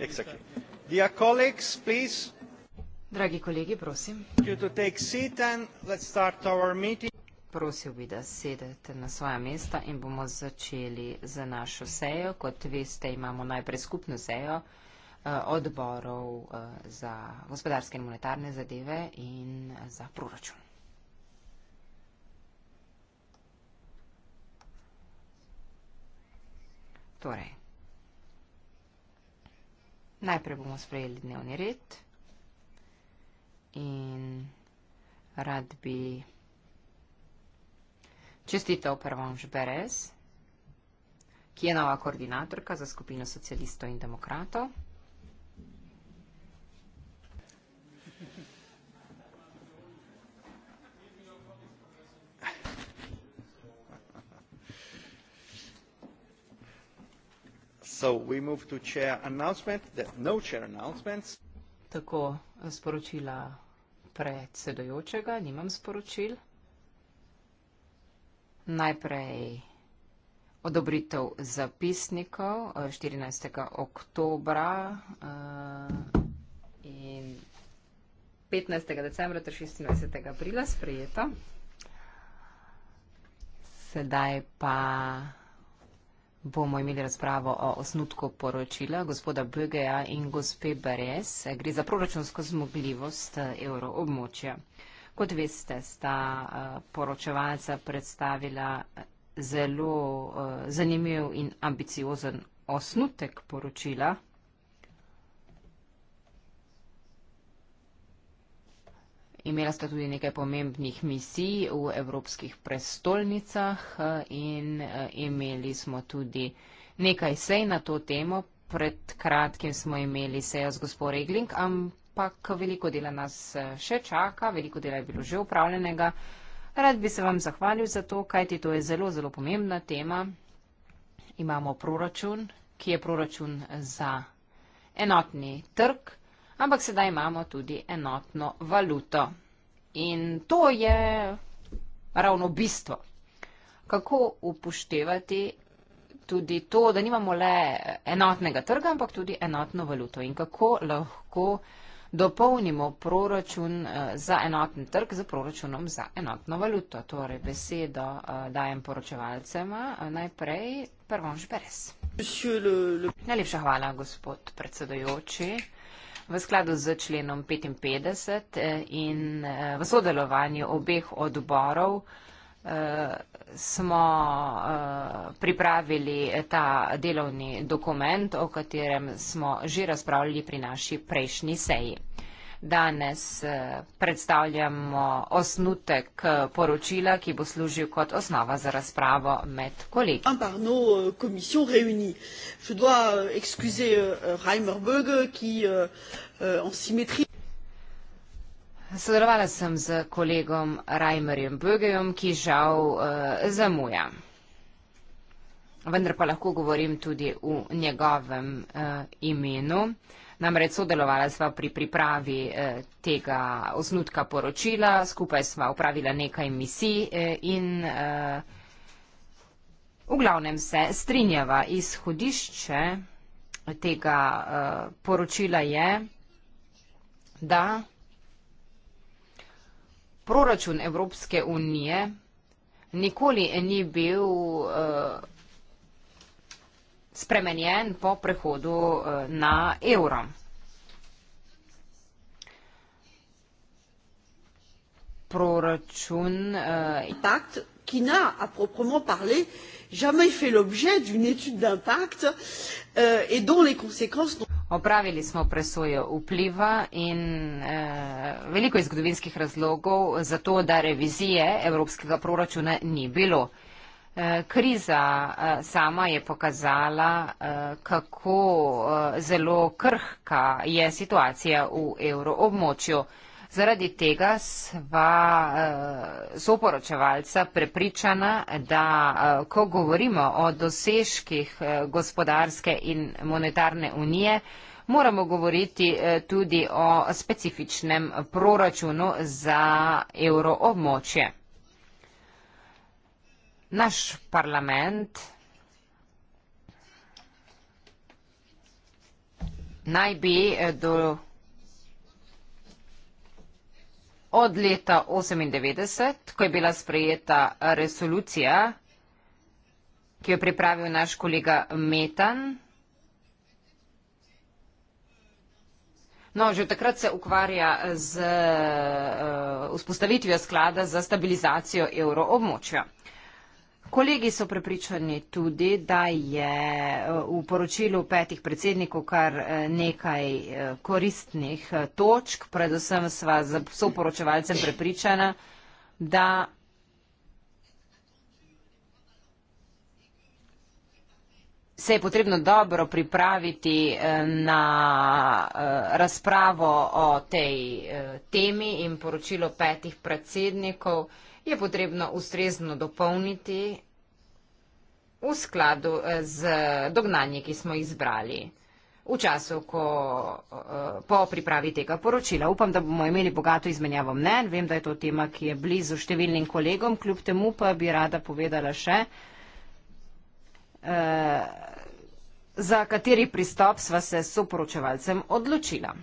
Exactly. Colleagues, Dragi kolegi, prosim. Prosil bi, da sedete na svoja mesta in bomo začeli z našo sejo. Kot veste, imamo najprej skupno sejo eh, odborov eh, za gospodarske in monetarne zadeve in eh, za proračun. Torej, Najprej bomo sprejeli dnevni red in rad bi čestitev prvom Žberes, ki je nova koordinatorka za skupino socialistov in demokratov. So we move to chair announcement. There are no chair announcements. Tako eh, sporočila predsedojočega, nimam sporočil. Najprej odobritev zapisnikov 14. Eh, oktobra eh, in 15. decembra ter 26. aprila sprejeta. Sedaj pa bomo imeli razpravo o osnutku poročila gospoda Bögeja in gospe Beres. Gre za proračunsko zmogljivost eh, evroobmočja. Kot veste, sta eh, poročevalca predstavila eh, zelo zanimiv in ambiciozen osnutek poročila, Imela ste tudi nekaj pomembnih misij v evropskih prestolnicah eh, in eh, imeli smo tudi nekaj sej na to temo. Pred kratkim smo imeli sejo z gospod Regling, ampak veliko dela nas eh, še čaka, veliko dela je bilo že upravljenega. Rad bi se vam zahvalil za to, kajti to je zelo, zelo pomembna tema. Imamo proračun, ki je proračun za enotni trg, ampak sedaj imamo tudi enotno valuto. In to je ravno bistvo. Kako upoštevati tudi to, da nimamo le enotnega trga, ampak tudi enotno valuto in kako lahko dopolnimo proračun eh, za enoten trg z proračunom za enotno valuto. Torej, besedo eh, dajem poročevalcema. Eh, najprej, prvo, šperes. Najlepša hvala, gospod predsedojoči v skladu z členom 55 eh, in eh, v sodelovanju obeh odborov eh, smo pripravili ta delovni dokument, o katerem smo že razpravljali pri naši prejšnji seji. Danes eh, predstavljamo osnutek eh, poročila, ki bo služil kot osnova za razpravo med kolegi. Sodelovala sem z kolegom Reimerjem Bögejem, ki žal eh, zamuja. Vendar pa lahko govorim tudi v njegovem imenu. Namreč sodelovala sva pri pripravi eh, tega osnutka poročila, skupaj sva upravila nekaj misij eh, in eh, v glavnem se strinjava izhodišče tega poročila je, da proračun Evropske unije nikoli ni bil vsega, spremenjen po prehodu eh, na evro. Proračun. Eh, Impact, ki na, a proprement parler, jamais fait l'objet d'une étude d'impact euh, et dont les conséquences. Opravili smo presojo vpliva in eh, veliko izgodovinskih razlogov za to, da revizije evropskega proračuna ni bilo. Kriza eh, sama je pokazala, eh, kako eh, zelo krhka je situacija v evroobmočju. Zaradi tega sva soporočevalca prepričana, da ko govorimo o dosežkih gospodarske in monetarne unije, moramo govoriti tudi o specifičnem proračunu za evroobmočje. Naš parlament naj bi eh, do od leta 98, ko je bila sprejeta eh, resolucija, ki jo pripravil naš kolega Metan. No, že takrat se ukvarja eh, z uh, vzpostavitvijo sklada za stabilizacijo evroobmočja. Uh, Kolegi so prepričani tudi, da je eh, v poročilu petih predsednikov kar eh, nekaj eh, koristnih točk, predvsem sva z soporočevalcem prepričana, da. Se je potrebno dobro pripraviti na razpravo o tej temi in poročilo petih predsednikov je potrebno ustrezno dopolniti v skladu eh, z dognanji, ki smo izbrali. V času, ko eh, po pripravi tega poročila. Upam, da bomo imeli bogato izmenjavo mnen. Vem, da je to tema, ki je blizu številnim kolegom, kljub temu pa bi rada povedala še, eh, za kateri pristop sva se s soporočevalcem odločila.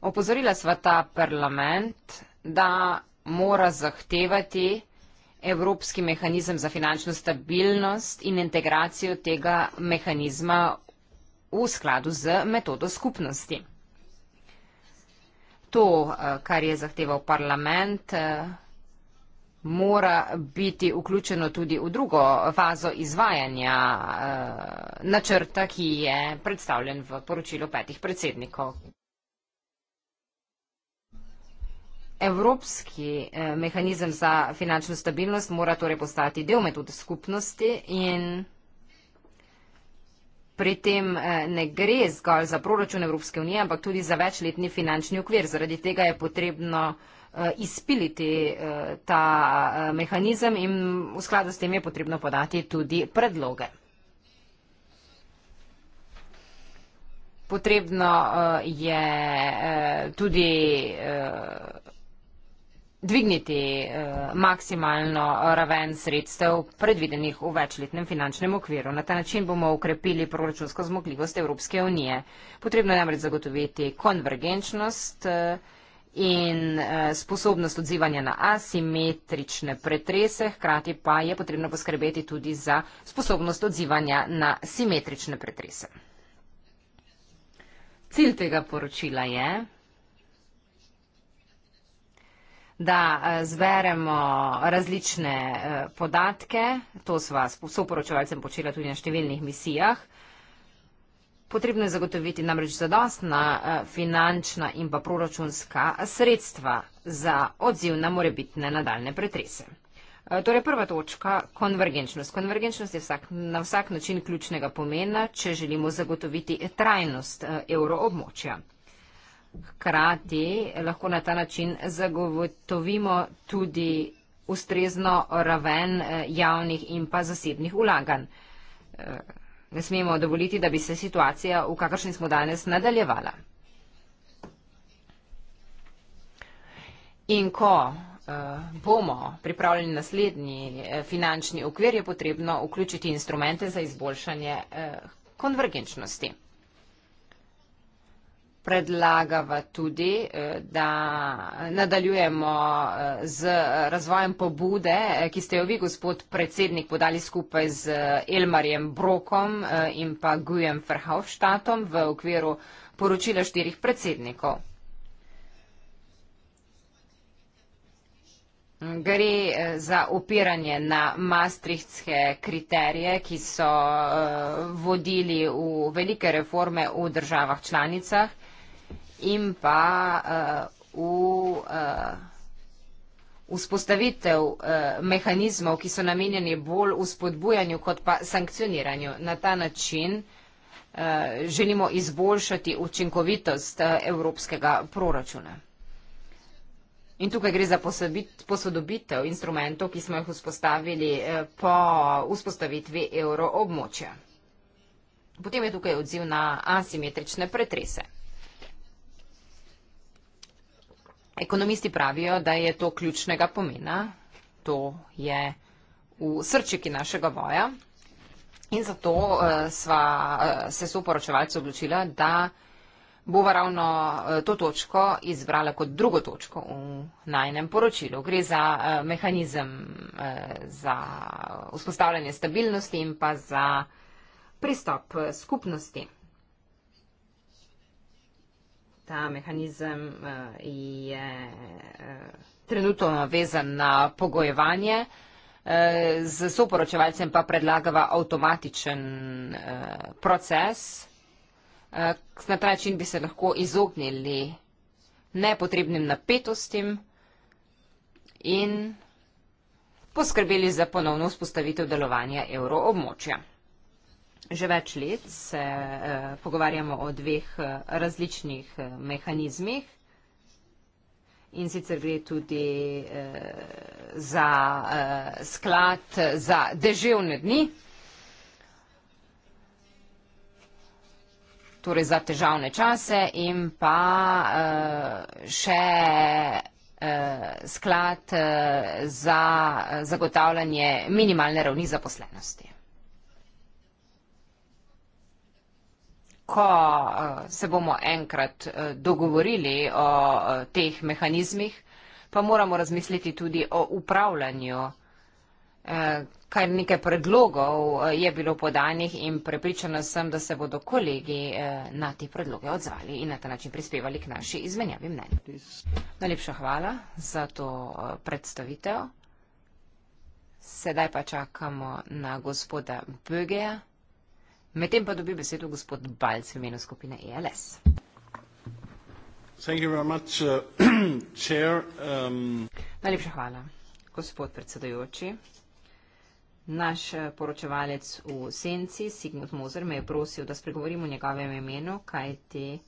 Opozorila sva ta parlament, da mora zahtevati Evropski mehanizem za finančno stabilnost in integracijo tega mehanizma v skladu z metodo skupnosti. To, eh, kar je zahteval parlament, eh, mora biti vključeno tudi v drugo fazo izvajanja eh, načrta, ki je predstavljen v poročilu petih predsednikov. Evropski eh, mehanizem za finančno stabilnost mora torej postati del metode skupnosti in pri tem eh, ne gre zgolj za proračun Evropske unije, ampak tudi za večletni finančni okvir. Zaradi tega je potrebno eh, izpiliti ta mehanizem in v skladu s tem je potrebno podati tudi predloge. Potrebno je tudi predloge, dvigniti eh, maksimalno raven sredstev predvidenih v večletnem finančnem okviru. Na ta način bomo ukrepili proračunsko zmogljivost Evropske unije. Potrebno je namreč zagotoviti konvergenčnost eh, in eh, sposobnost odzivanja na asimetrične pretrese, hkrati pa je potrebno poskrbeti tudi za sposobnost odzivanja na simetrične pretrese. Cilj tega poročila je, da eh, zberemo različne eh, podatke, to sva s soporočevalcem počela tudi na številnih misijah. Potrebno je zagotoviti namreč zadostna eh, finančna in pa proračunska sredstva za odziv na morebitne nadaljne pretrese. Torej prva točka, konvergenčnost. Konvergenčnost je vsak, na vsak način ključnega pomena, če želimo zagotoviti trajnost evroobmočja. Hkrati lahko na ta način zagotovimo tudi ustrezno raven eh, javnih in pa zasebnih ulaganj. Eh, ne smemo dovoliti, da bi se situacija, v kakršni smo danes, nadaljevala. In ko eh, bomo pripravljeni naslednji finančni okvir, je potrebno vključiti instrumente za izboljšanje konvergenčnosti predlagava tudi, eh, da nadaljujemo eh, z razvojem pobude, eh, ki ste jo vi, gospod predsednik, podali skupaj z Elmarjem Brokom in pa Gujem Ferhaufštatom v okviru poročila štirih predsednikov. Gre za opiranje na mastrihtske kriterije, ki so vodili v velike reforme v državah članicah in pa uh, v uh, vzpostavitev uh, mehanizmov, ki so namenjeni bolj uspodbujanju kot pa sankcioniranju. Na ta način uh, želimo izboljšati učinkovitost uh, evropskega proračuna. In tukaj gre za posodobitev instrumentov, ki smo jih vzpostavili po vzpostavitvi evroobmočja. Potem je tukaj odziv na asimetrične pretrese. Ekonomisti pravijo, da je to ključnega pomena, to je v srčiki našega voja in zato uh, sva, uh, se so poročevalci odločila, da bova ravno uh, to točko izbrala kot drugo točko v najnem poročilu. Gre za uh, mehanizem uh, za vzpostavljanje stabilnosti in pa za pristop skupnosti ta mehanizem eh, je eh, trenutno vezan na pogojevanje. Eh, z soporočevalcem pa predlagava avtomatičen proces. Na ta način bi se lahko izognili nepotrebnim napetostim in poskrbeli za ponovno vzpostavitev delovanja evroobmočja. Že več let se eh, pogovarjamo o dveh eh, različnih eh, mehanizmih. In sicer gre tudi eh, za eh, sklad za deževne dni, torej za težavne čase in pa eh, še eh, sklad eh, za eh, zagotavljanje minimalne ravni zaposlenosti. ko eh, se bomo enkrat eh, dogovorili o eh, teh mehanizmih, pa moramo razmisliti tudi o upravljanju. Kar nekaj predlogov je bilo podanih in prepričana sem, da se bodo kolegi na te predloge odzvali in na ta način prispevali k naši izmenjavi mnenj. Najlepša hvala za to predstavitev. Sedaj pa čakamo na gospoda Bögeja. Medtem pa dobi besedo gospod Balc v imenu skupine ELS. Uh, um, Najlepša hvala, gospod predsedujoči. Naš eh, poročevalec v senci, Sigmund Moser, me je prosil, da spregovorim v njegovem imenu, kajti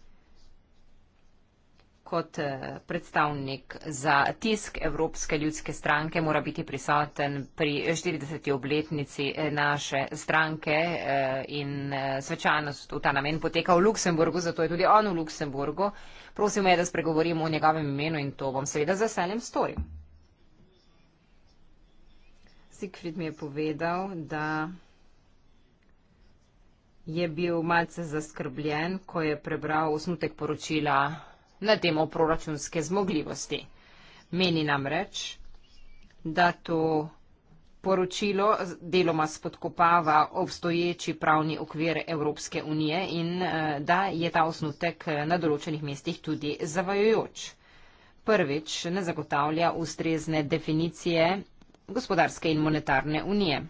kot eh, predstavnik za tisk Evropske ljudske stranke mora biti prisoten pri 40. obletnici eh, naše stranke eh, in svečanost v ta namen poteka v Luksemburgu, zato je tudi on v Luksemburgu. Prosim me, da spregovorimo o njegovem imenu in to bom seveda z veseljem storil. Sigfrid mi je povedal, da je bil malce zaskrbljen, ko je prebral osnutek poročila na temo proračunske zmogljivosti. Meni namreč, da to poročilo deloma spodkopava obstoječi pravni okvir Evropske unije in eh, da je ta osnutek eh, na določenih mestih tudi zavajojoč. Prvič, ne zagotavlja ustrezne definicije gospodarske in monetarne unije.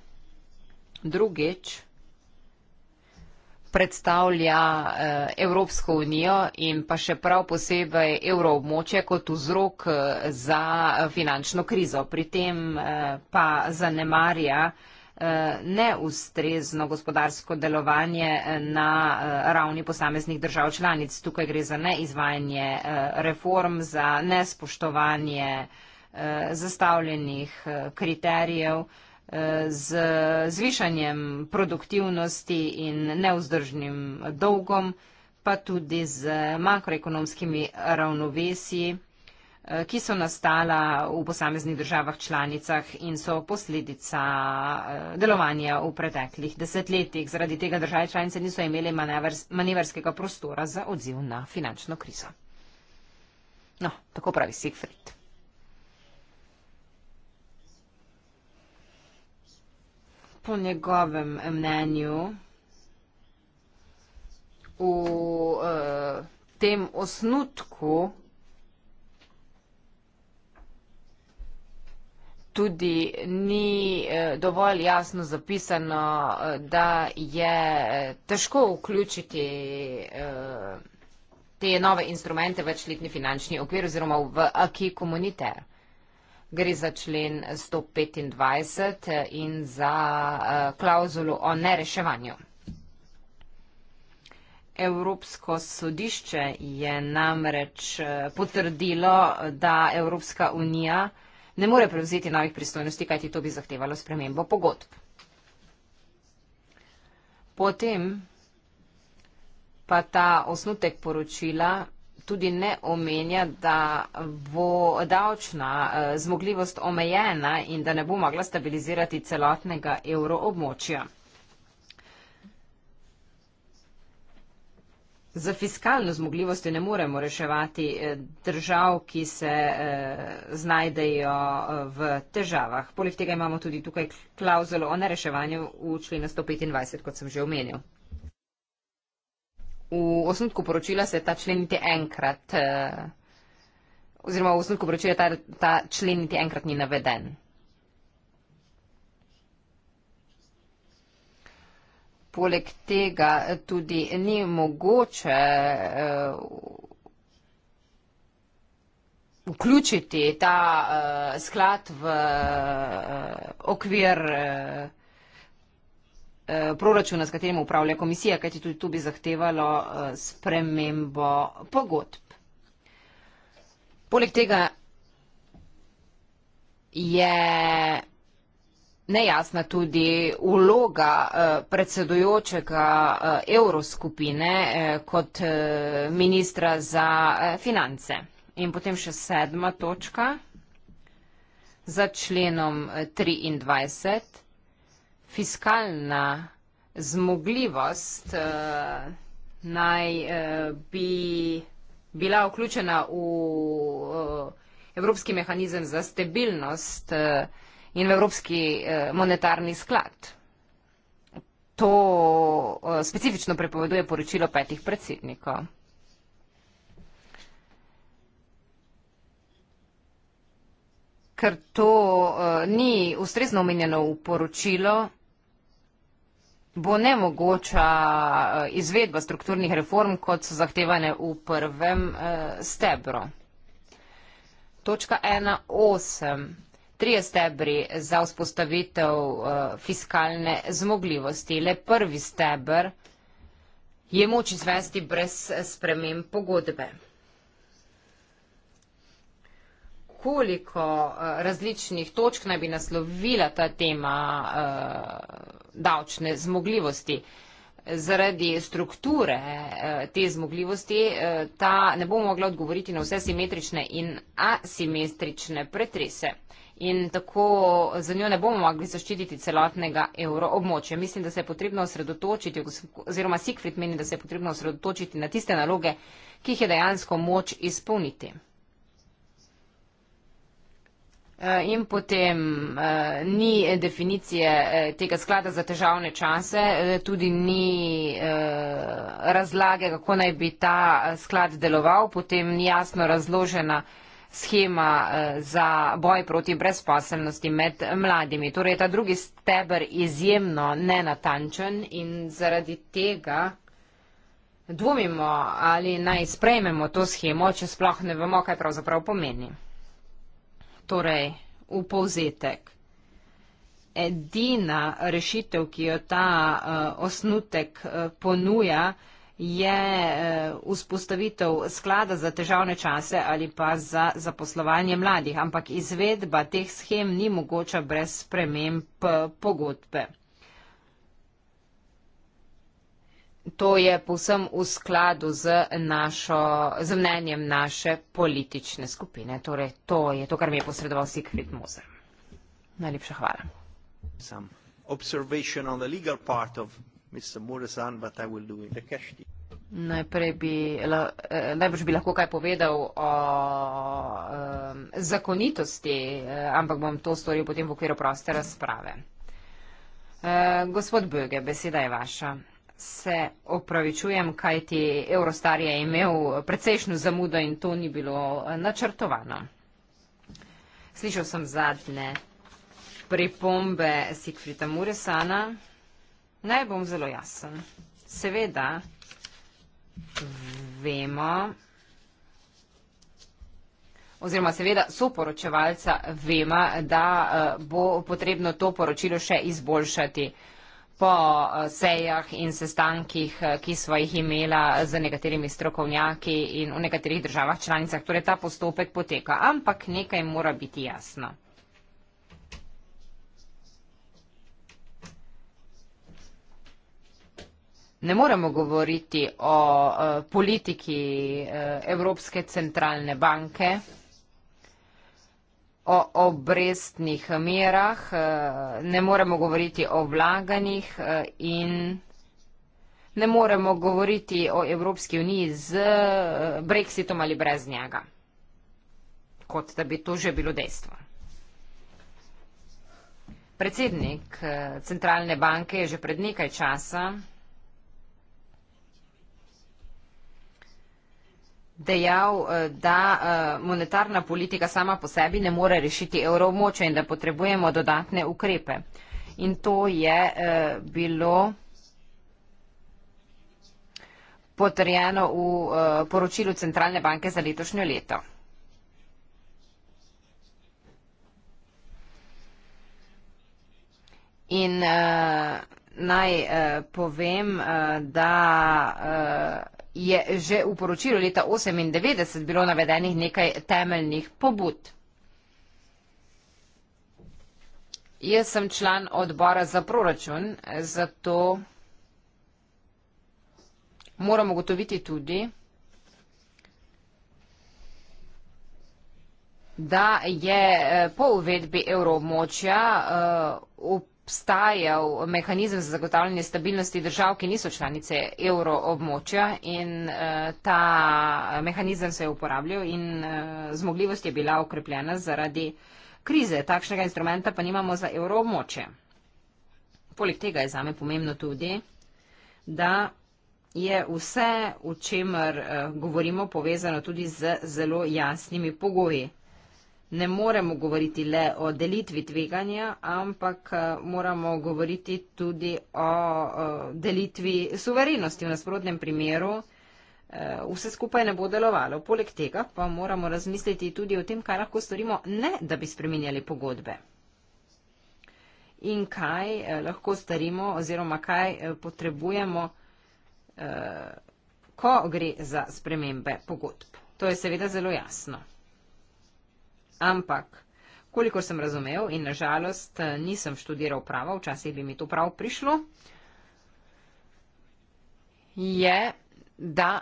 Drugič, predstavlja eh, Evropsko unijo in pa še prav posebej evroobmočje kot vzrok eh, za finančno krizo. Pri tem eh, pa zanemarja neustrezno gospodarsko delovanje na ravni posameznih držav članic. Tukaj gre za neizvajanje reform, za nespoštovanje zastavljenih kriterijev z zvišanjem produktivnosti in neuzdržnim dolgom, pa tudi z makroekonomskimi ravnovesji, eh, ki so nastala v posameznih državah članicah in so posledica eh, delovanja v preteklih desetletjih. Zaradi tega države članice niso imeli manevrskega prostora za odziv na finančno krizo. No, tako pravi Siegfried. po njegovem mnenju v uh, tem osnutku tudi ni uh, dovolj jasno zapisano, uh, da je težko vključiti uh, te nove instrumente v večletni finančni okvir oziroma v aki komunitar. Uh, Gre za člen 125 in za eh, klauzulo o nereševanju. Evropsko sodišče je namreč eh, potrdilo, da Evropska unija ne more prevzeti novih pristojnosti, kajti to bi zahtevalo spremembo pogodb. Potem pa ta osnutek poročila tudi ne omenja, da bo davčna eh, zmogljivost omejena in da ne bo mogla stabilizirati celotnega evroobmočja. Za fiskalno zmogljivost ne moremo reševati eh, držav, ki se eh, znajdejo v težavah. Poleg tega imamo tudi tukaj klauzulo o nereševanju v členu 125, kot sem že omenil v osnutku poročila se ta člen niti enkrat, eh, oziroma v osnutku poročila ta, ta člen niti enkrat ni naveden. Poleg tega eh, tudi ni mogoče uh, vključiti ta uh, sklad v uh, okvir. Uh, Eh, proračuna, s katerim upravlja komisija, kajti tudi tu bi zahtevalo eh, spremembo pogodb. Poleg tega je nejasna tudi uloga eh, predsedujočega evroskupine kot ministra za finance. In potem še sedma točka za členom 23 fiskalna zmogljivost uh, naj uh, bi bila vključena v uh, Evropski mehanizem za stabilnost uh, in v Evropski uh, monetarni sklad. To uh, specifično prepoveduje poročilo petih predsednikov. Ker to uh, ni ustrezno omenjeno v poročilo, bo ne mogoča eh, izvedba strukturnih reform, kot so zahtevane v prvem eh, stebru. Točka 1.8. Trije stebri za vzpostavitev eh, fiskalne zmogljivosti. Le prvi stebr je moč izvesti brez spremem pogodbe. Koliko različnih točk naj bi naslovila ta tema vzpostavitev? davčne zmogljivosti. Zaradi strukture eh, te zmogljivosti eh, ta ne bo mogla odgovoriti na vse simetrične in asimetrične pretrese. In tako za njo ne bomo mogli zaščititi celotnega evroobmočja. Mislim, da se je potrebno osredotočiti, oziroma Sigfrid meni, da se je potrebno osredotočiti na tiste naloge, ki jih je dejansko moč izpolniti. Eh, in potem eh, ni definicije eh, tega sklada za težavne čase, tudi ni razlage, kako naj bi ta sklad deloval, potem ni jasno razložena schema za boj proti brezposelnosti med mladimi. Torej je ta drugi stebr izjemno nenatančen in zaradi tega dvomimo, ali naj sprejmemo to schemo, če sploh ne vemo, kaj pravzaprav pomeni torej v povzetek. Edina rešitev, ki jo ta uh, osnutek uh, ponuja, je uh, vzpostavitev sklada za težavne čase ali pa za zaposlovanje mladih, ampak izvedba teh schem ni mogoča brez sprememb pogodbe. to je povsem v skladu z, našo, z mnenjem naše politične skupine. Torej, to je to, kar mi je posredoval Sigrid Moser. Najlepša hvala. Murazan, Najprej bi, eh, najbrž bi lahko kaj povedal o um, zakonitosti, eh, ampak bom to storil potem v okviru proste razprave. Uh, gospod Böge, beseda je vaša se opravičujem, kajti Eurostar je imel precejšnjo zamudo in to ni bilo eh, načrtovano. Slišal sem zadnje pripombe Sigfrida Muresana. Naj bom zelo jasen. Seveda vemo, oziroma seveda soporočevalca vema, da eh, bo potrebno to poročilo še izboljšati po eh, sejah in sestankih, eh, ki smo jih imela z nekaterimi strokovnjaki in v nekaterih državah članicah. Torej ta postopek poteka, ampak nekaj mora biti jasno. Ne moremo govoriti o eh, politiki Evropske centralne banke o obrestnih merah, eh, ne moremo govoriti o vlaganjih eh, in ne moremo govoriti o Evropski uniji z eh, brexitom ali brez njega, kot da bi to že bilo dejstvo. Predsednik centralne banke je že pred nekaj časa dejal, eh, da eh, monetarna politika sama po sebi ne more rešiti evroobmočja in da potrebujemo dodatne ukrepe. In to je eh, bilo potrjeno v poročilu Centralne banke za letošnjo leto. In naj povem, da je že v poročilu leta 1998 bilo navedenih nekaj temeljnih pobud. Jaz sem član odbora za proračun, zato moramo gotoviti tudi, da je eh, po uvedbi evroobmočja uh, obstajal mehanizem za zagotavljanje stabilnosti držav, ki niso članice euroobmočja in uh, ta eh, mehanizem se je uporabljal in uh, zmogljivost je bila okrepljena zaradi krize. Takšnega instrumenta pa nimamo za euroobmočje. Poleg tega je zame pomembno tudi, da je vse, v čemer uh, govorimo, povezano tudi z zelo jasnimi pogoji ne moremo govoriti le o delitvi tveganja, ampak eh, moramo govoriti tudi o eh, delitvi suverenosti. V nasprotnem primeru eh, vse skupaj ne bo delovalo. Poleg tega pa moramo razmisliti tudi o tem, kaj lahko storimo, ne da bi spreminjali pogodbe. In kaj lahko storimo oziroma kaj potrebujemo, ko gre za spremembe pogodb. To je seveda zelo jasno. Ampak, kolikor sem razumev in nažalost eh, nisem študiral prava, včasih bi mi to prav prišlo, je, da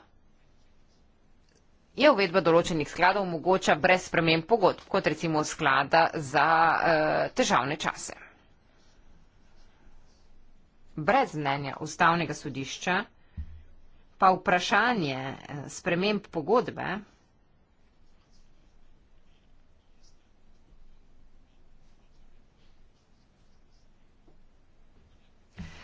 je uvedba določenih skladov mogoča brez spremem pogodb, kot recimo sklada za eh, težavne čase. Brez mnenja ustavnega sodišča pa vprašanje eh, spremem pogodbe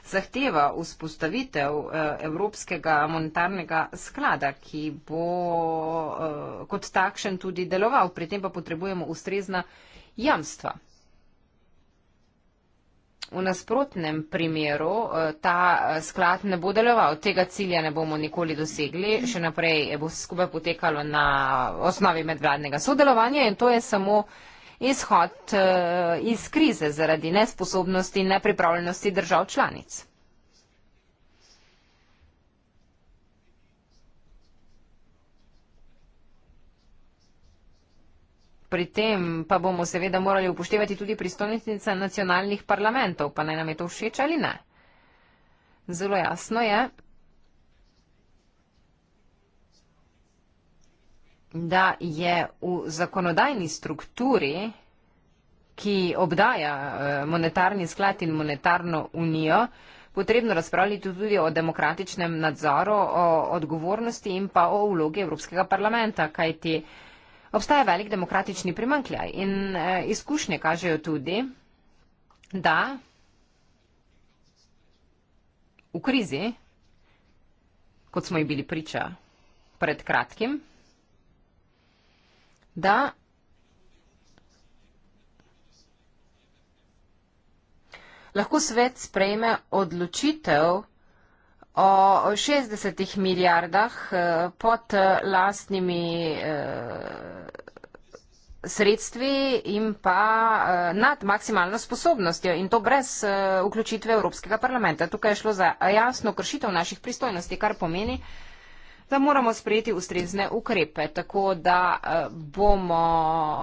zahteva vzpostavitev eh, Evropskega monetarnega sklada, ki bo eh, kot takšen tudi deloval. Pri tem pa potrebujemo ustrezna jamstva. V nasprotnem primeru eh, ta sklad ne bo deloval, tega cilja ne bomo nikoli dosegli, še naprej bo skupaj potekalo na osnovi medvladnega sodelovanja in to je samo izhod eh, iz krize zaradi nesposobnosti in nepripravljenosti držav članic. Pri tem pa bomo seveda morali upoštevati tudi pristojnice nacionalnih parlamentov, pa naj nam je to všeč ali ne. Zelo jasno je, da je v zakonodajni strukturi, ki obdaja eh, monetarni sklad in monetarno unijo, potrebno razpravljati tudi o demokratičnem nadzoru, o odgovornosti in pa o vlogi Evropskega parlamenta, kajti obstaja velik demokratični primankljaj in eh, izkušnje kažejo tudi, da v krizi, kot smo ji bili priča pred kratkim, da lahko svet sprejme odločitev o 60 milijardah eh, pod eh, lastnimi eh, sredstvi in pa nad maksimalno sposobnostjo in to brez vključitve Evropskega parlamenta. Tukaj je šlo za jasno kršitev naših pristojnosti, kar pomeni, da moramo sprejeti ustrezne ukrepe, tako da eh, bomo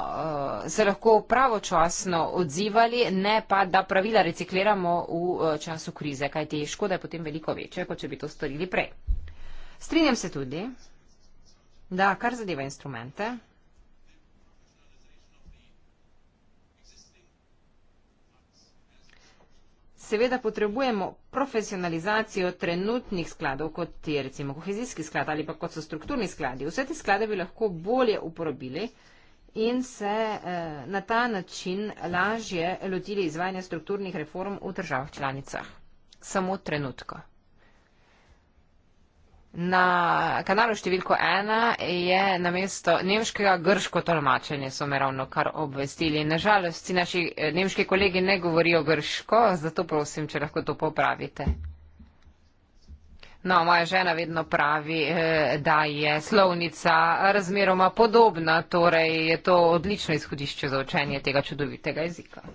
eh, se lahko pravočasno odzivali, ne pa da pravila recikliramo v eh, času krize, kaj te škode je potem veliko večje, kot če bi to storili prej. Strinjam se tudi, da kar zadeva instrumente, seveda potrebujemo profesionalizacijo trenutnih skladov, kot je recimo kohezijski sklad ali pa kot so strukturni skladi. Vse te sklade bi lahko bolje uporabili in se eh, na ta način lažje lotili izvajanja strukturnih reform v državah članicah. Samo trenutko. Na kanalu številko ena je na mesto nemškega grško tolmačenje, so me ravno kar obvestili. Nažalost, si naši eh, nemški kolegi ne govorijo grško, zato prosim, če lahko to popravite. No, moja žena vedno pravi, eh, da je slovnica razmeroma podobna, torej je to odlično izhodišče za učenje tega čudovitega jezika.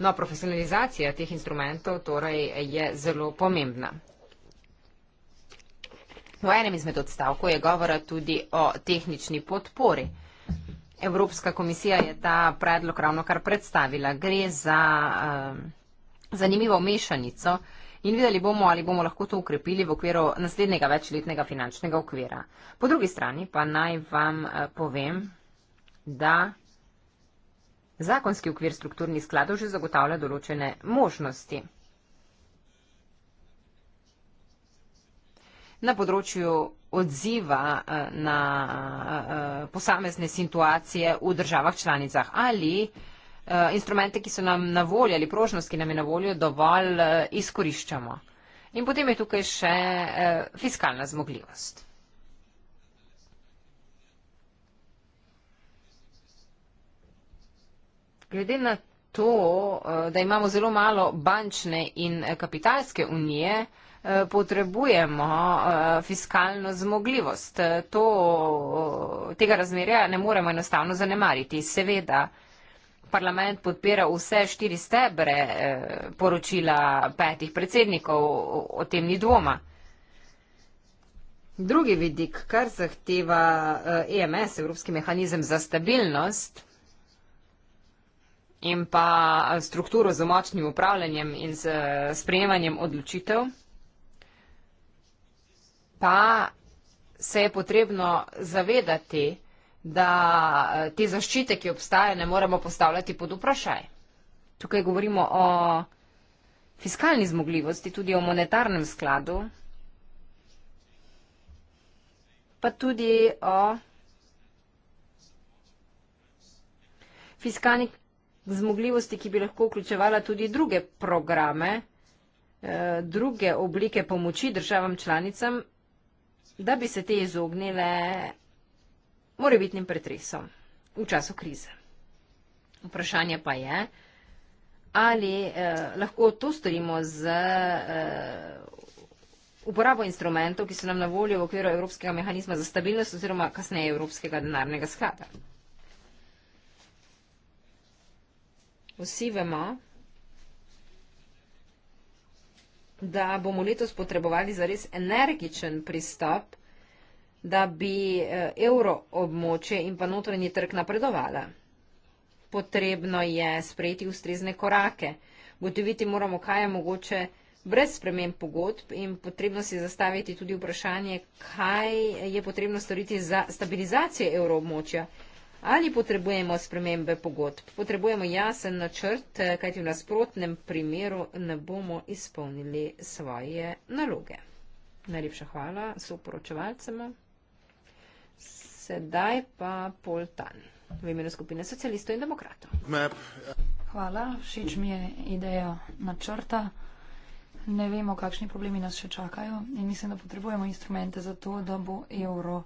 No, profesionalizacija teh instrumentov torej je zelo pomembna. V enem izmed odstavkov je govora tudi o tehnični podpori. Evropska komisija je ta predlog ravno kar predstavila. Gre za um, zanimivo mešanico in videli bomo, ali bomo lahko to ukrepili v okviru naslednjega večletnega finančnega okvira. Po drugi strani pa naj vam eh, povem, da Zakonski ukvir strukturnih skladov že zagotavlja določene možnosti. Na področju odziva eh, na eh, posamezne situacije v državah članicah ali eh, instrumente, ki so nam na voljo ali prožnost, ki nam je na voljo, dovolj izkoriščamo. In potem je tukaj še fiskalna zmogljivost. Glede na to, eh, da imamo zelo malo bančne in eh, kapitalske unije, eh, potrebujemo fiskalno zmogljivost. To, tega razmerja ne moremo enostavno zanemariti. Seveda, parlament podpira vse štiri stebre poročila petih predsednikov, o tem ni dvoma. Drugi vidik, kar zahteva EMS, e Evropski mehanizem za stabilnost, in pa eh, strukturo z močnim upravljanjem in z eh, sprejemanjem odločitev, pa se je potrebno zavedati, da eh, te zaščite, ki obstaje, ne moremo postavljati pod vprašaj. Tukaj govorimo o fiskalni zmogljivosti, tudi o monetarnem skladu, pa tudi o fiskalnih zmogljivosti, ki bi lahko vključevala tudi druge programe, eh, druge oblike pomoči državam članicam, da bi se te izognile morebitnim pretresom v času krize. Vprašanje pa je, ali eh, lahko to storimo z eh, uporabo instrumentov, ki so nam na voljo v okviru Evropskega mehanizma za stabilnost oziroma kasneje Evropskega denarnega sklada. Vsi vemo, da bomo letos potrebovali za res energičen pristop, da bi eh, evro območje in pa notranji trg napredovala. Potrebno je sprejeti ustrezne korake, gotoviti moramo, kaj je mogoče brez spremen pogodb in potrebno si zastaviti tudi vprašanje, kaj je potrebno storiti za stabilizacijo evro območja. Ali potrebujemo spremembe pogodb? Potrebujemo jasen načrt, eh, kajti v nasprotnem primeru ne bomo izpolnili svoje naloge. Najlepša hvala soporočevalcema. Sedaj pa pol tan v imenu skupine socialistov in demokratov. Hvala, všeč mi je ideja načrta. Ne vemo, kakšni problemi nas še čakajo in mislim, da potrebujemo instrumente za to, da bo evro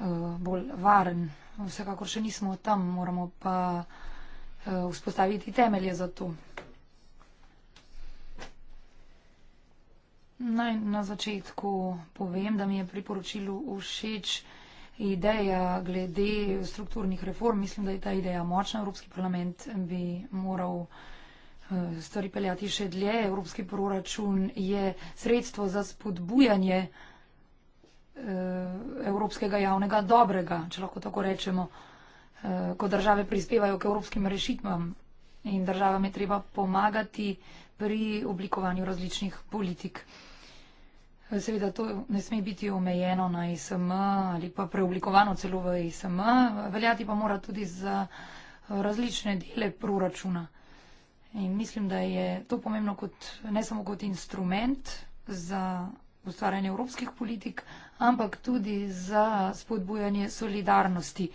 uh, bolj varen Vsekakor še nismo tam, moramo pa eh, vzpostaviti temelje za to. Naj na začetku povem, da mi je priporočilo všeč ideja glede strukturnih reform. Mislim, da je ta ideja močna. Evropski parlament bi moral eh, stvari peljati še dlje. Evropski proračun je sredstvo za spodbujanje. Eh, evropskega javnega dobrega, če lahko tako rečemo, eh, ko države prispevajo k evropskim rešitvam in državam je treba pomagati pri oblikovanju različnih politik. Eh, seveda to ne sme biti omejeno na ISM ali pa preoblikovano celo v ISM, veljati pa mora tudi za različne dele proračuna. In mislim, da je to pomembno kot, ne samo kot instrument za ustvarjanje evropskih politik, ampak tudi za spodbujanje solidarnosti.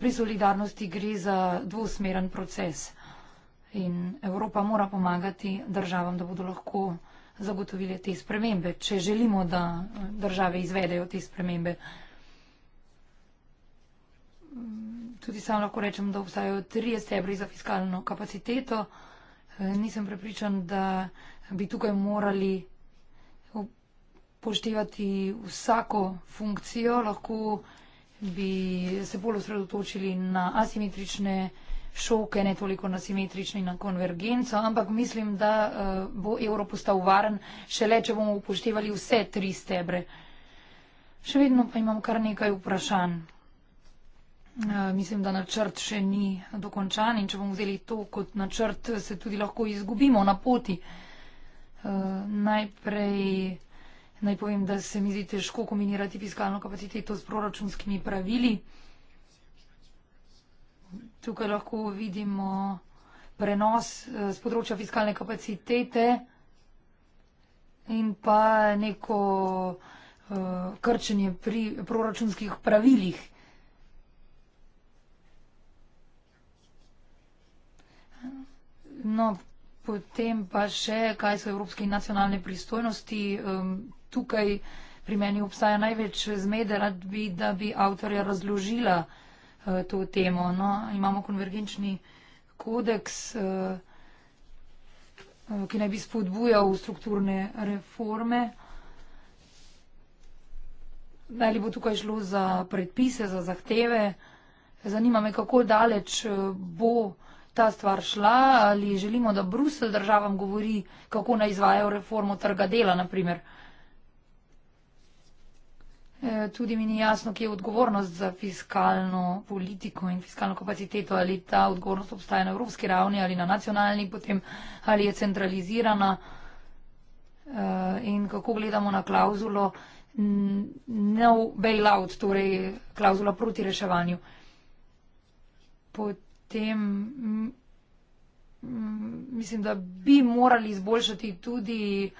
Pri solidarnosti gre za dvosmeren proces in Evropa mora pomagati državam, da bodo lahko zagotovile te spremembe, če želimo, da države izvedejo te spremembe. Tudi sam lahko rečem, da obstajajo trije stebri za fiskalno kapaciteto. Nisem prepričan, da bi tukaj morali poštevati vsako funkcijo, lahko bi se bolj osredotočili na asimetrične šoke, ne toliko na simetrični, na konvergenco, ampak mislim, da eh, bo evro postal varen šele, če bomo upoštevali vse tri stebre. Še vedno pa imam kar nekaj vprašanj. Eh, mislim, da načrt še ni dokončan in če bomo vzeli to kot načrt, se tudi lahko izgubimo na poti. Eh, najprej. Naj povem, da se mi zdi težko kombinirati fiskalno kapaciteto s proračunskimi pravili. Tukaj lahko vidimo prenos z eh, področja fiskalne kapacitete in pa neko eh, krčenje pri proračunskih pravilih. No, potem pa še, kaj so evropske in nacionalne pristojnosti, ehm, tukaj pri meni obstaja največ zmede, rad bi, da bi avtorja razložila uh, to temo. No, imamo konvergenčni kodeks, uh, ki naj bi spodbujal strukturne reforme. Naj li bo tukaj šlo za predpise, za zahteve. Zanima me, kako daleč bo ta stvar šla, ali želimo, da Brusel državam govori, kako naj izvajajo reformo trga dela, naprimer. Uh, Eh, tudi mi ni jasno, kje je odgovornost za fiskalno politiko in fiskalno kapaciteto, ali ta odgovornost obstaja na evropski ravni ali na nacionalni, potem ali je centralizirana eh, in kako gledamo na klauzulo no bailout, torej klauzula proti reševanju. Potem mislim, da bi morali izboljšati tudi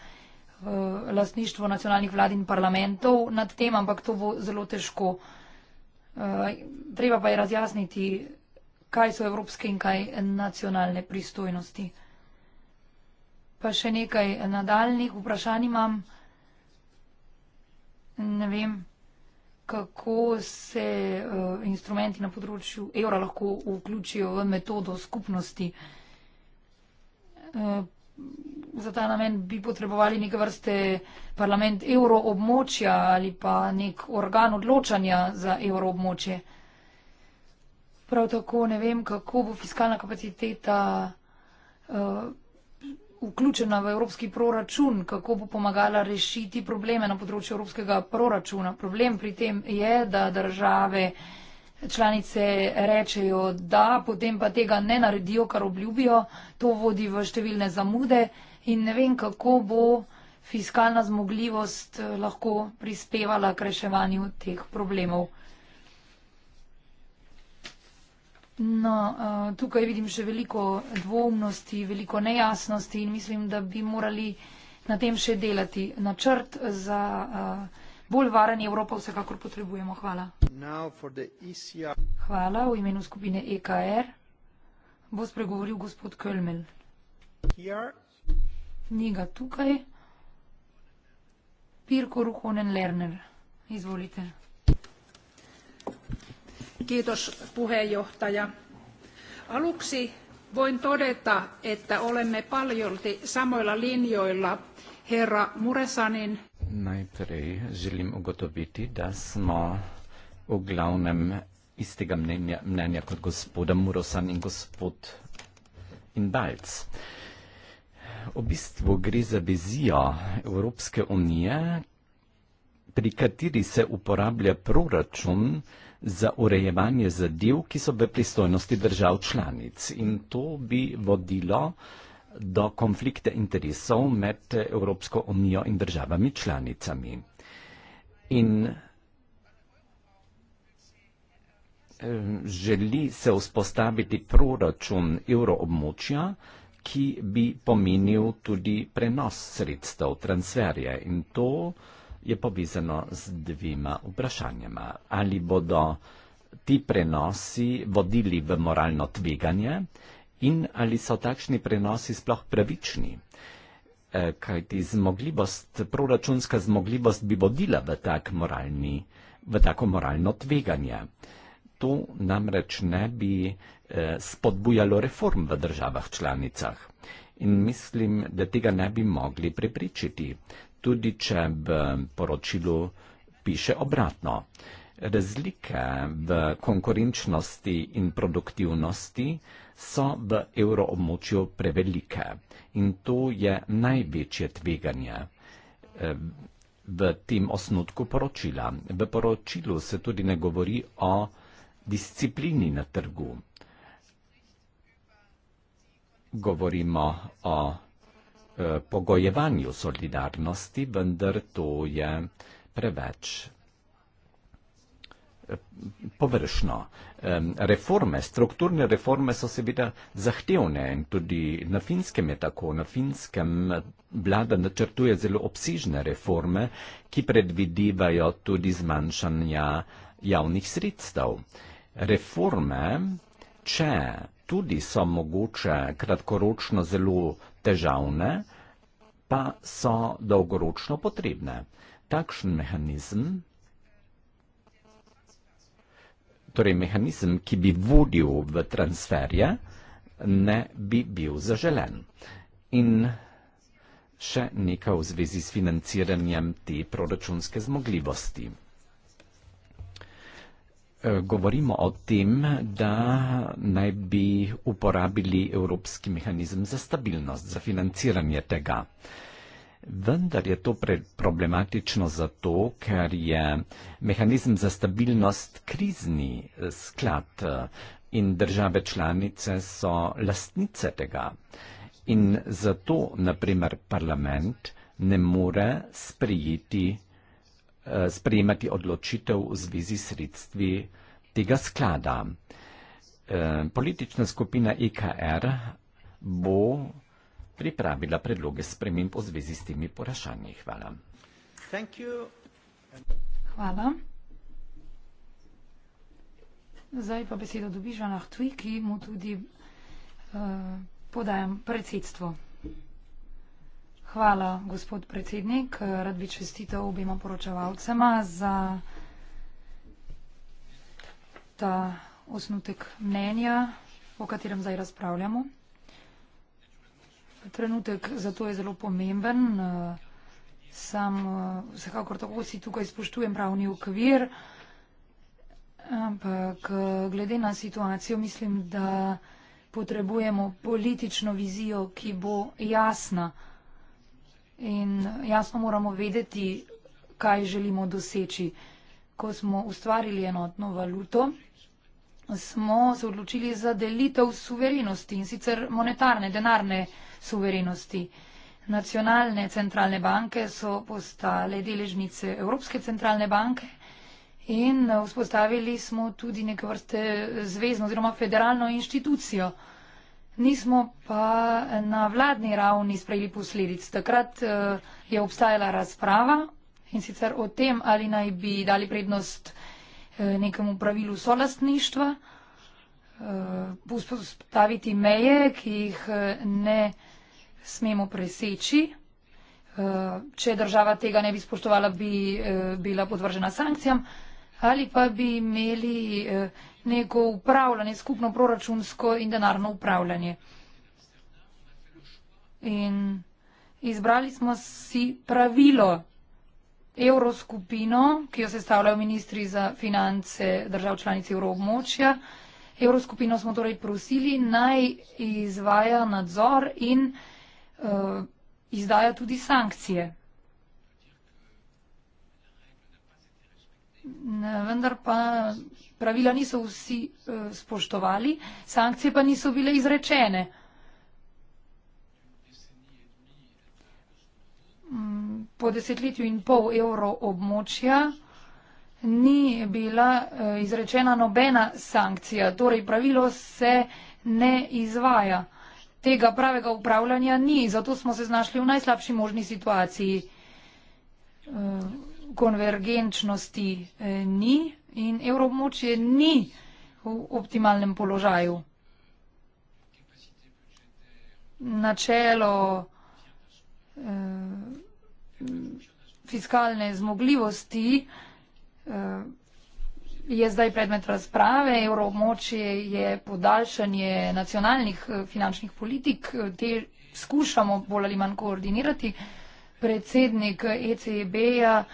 Eh, lasništvo nacionalnih vlad in parlamentov nad tem, ampak to bo zelo težko. Eh, treba pa je razjasniti, kaj so evropske in kaj nacionalne pristojnosti. Pa še nekaj nadaljnih vprašanj imam. Ne vem, kako se eh, instrumenti na področju evra lahko vključijo v metodo skupnosti za ta namen bi potrebovali neke vrste parlament evroobmočja ali pa nek organ odločanja za evroobmočje. Prav tako ne vem, kako bo fiskalna kapaciteta uh, vključena v evropski proračun, kako bo pomagala rešiti probleme na področju evropskega proračuna. Problem pri tem je, da države članice rečejo, da potem pa tega ne naredijo, kar obljubijo. To vodi v številne zamude. Uh, in ne vem, kako bo fiskalna zmogljivost eh, lahko prispevala k reševanju teh problemov. No, eh, tukaj vidim še veliko dvomnosti, veliko nejasnosti in mislim, da bi morali na tem še delati. Načrt za eh, bolj varen Evropo vsekakor potrebujemo. Hvala. E Hvala. V imenu skupine EKR bo spregovoril gospod Kölmel. Here knjiga tukaj. Pirko Ruhonen Lerner, izvolite. Kiitos puheenjohtaja. Aluksi voin todeta, että olemme paljolti samoilla linjoilla herra Muresanin. Najprej želim ugotoviti, da smo v glavnem istega mnenja, mnenja kot gospoda Murosan in gospod Indalc. Uh, v bistvu gre za vizijo Evropske unije, pri kateri se uporablja proračun za urejevanje zadev, ki so v pristojnosti držav članic. In to bi vodilo do konflikta interesov med Evropsko unijo in državami članicami. In eh, želi se vzpostaviti proračun evroobmočja, ki bi pomenil tudi prenos sredstev, transferje in to je povezano z dvima vprašanjama. Ali bodo ti prenosi vodili v moralno tveganje in ali so takšni prenosi sploh pravični? Eh, kajti zmogljivost, proračunska zmogljivost bi vodila v, tak moralni, v tako moralno tveganje tu namreč ne bi eh, spodbujalo reform v državah članicah. In mislim, da tega ne bi mogli prepričiti, tudi če v poročilu piše obratno. Razlike v konkurenčnosti in produktivnosti so v evroobmočju prevelike in to je največje tveganje eh, v tem osnutku poročila. V poročilu se tudi ne govori o disciplini na trgu. Govorimo o e, pogojevanju solidarnosti, vendar to je preveč e, površno. E, reforme, strukturne reforme so seveda zahtevne in tudi na finskem je tako. Na finskem vlada načrtuje zelo obsižne reforme, ki predvidivajo tudi zmanjšanja javnih sredstev reforme, če tudi so mogoče kratkoročno zelo težavne, pa so dolgoročno potrebne. Takšen mehanizem, torej mehanizem, ki bi vodil v transferje, ne bi bil zaželen. In še nekaj v zvezi s financiranjem te proračunske zmogljivosti. Eh, govorimo o tem, da naj bi uporabili evropski mehanizem za stabilnost, za financiranje tega. Vendar je to problematično zato, ker je mehanizem za stabilnost krizni eh, sklad eh, in države članice so lastnice tega. In zato, naprimer, parlament ne more sprijeti sprejemati odločitev v zvezi s sredstvi tega sklada. E, politična skupina IKR e bo pripravila predloge sprememb v zvezi s temi porašanji. Hvala. Hvala. Zdaj pa besedo dobi Žana Hrtvi, ki mu tudi e, podajam predsedstvo. Hvala, gospod predsednik. Rad bi čestitev obima poročevalcema za ta osnutek mnenja, o katerem zdaj razpravljamo. Trenutek zato je zelo pomemben. Sam vsekakor tako si tukaj spoštujem pravni okvir, ampak glede na situacijo mislim, da potrebujemo politično vizijo, ki bo jasna. In jasno moramo vedeti, kaj želimo doseči. Ko smo ustvarili enotno valuto, smo se odločili za delitev suverenosti in sicer monetarne, denarne suverenosti. Nacionalne centralne banke so postale deležnice Evropske centralne banke in vzpostavili smo tudi neke vrste zvezno oziroma federalno inštitucijo nismo pa na vladni ravni sprejeli posledic. Takrat eh, je obstajala razprava in sicer o tem, ali naj bi dali prednost eh, nekemu pravilu solastništva, eh, postaviti meje, ki jih ne smemo preseči. Če država tega ne bi spoštovala, bi bila podvržena sankcijam ali pa bi imeli neko upravljanje, skupno proračunsko in denarno upravljanje. In izbrali smo si pravilo evroskupino, ki jo sestavljajo ministri za finance držav članic evroobmočja. Evroskupino smo torej prosili, naj izvaja nadzor in uh, izdaja tudi sankcije. Ne, vendar pa pravila niso vsi uh, spoštovali, sankcije pa niso bile izrečene. Mm, po desetletju in pol evro območja ni bila uh, izrečena nobena sankcija, torej pravilo se ne izvaja. Tega pravega upravljanja ni, zato smo se znašli v najslabši možni situaciji. Uh, konvergenčnosti eh, ni, in evroobmočje ni v optimalnem položaju. Načelo eh, fiskalne zmogljivosti eh, je zdaj predmet razprave. Evroobmočje je podaljšanje nacionalnih eh, finančnih politik. Te skušamo bolj ali manj koordinirati. Predsednik ECB-ja e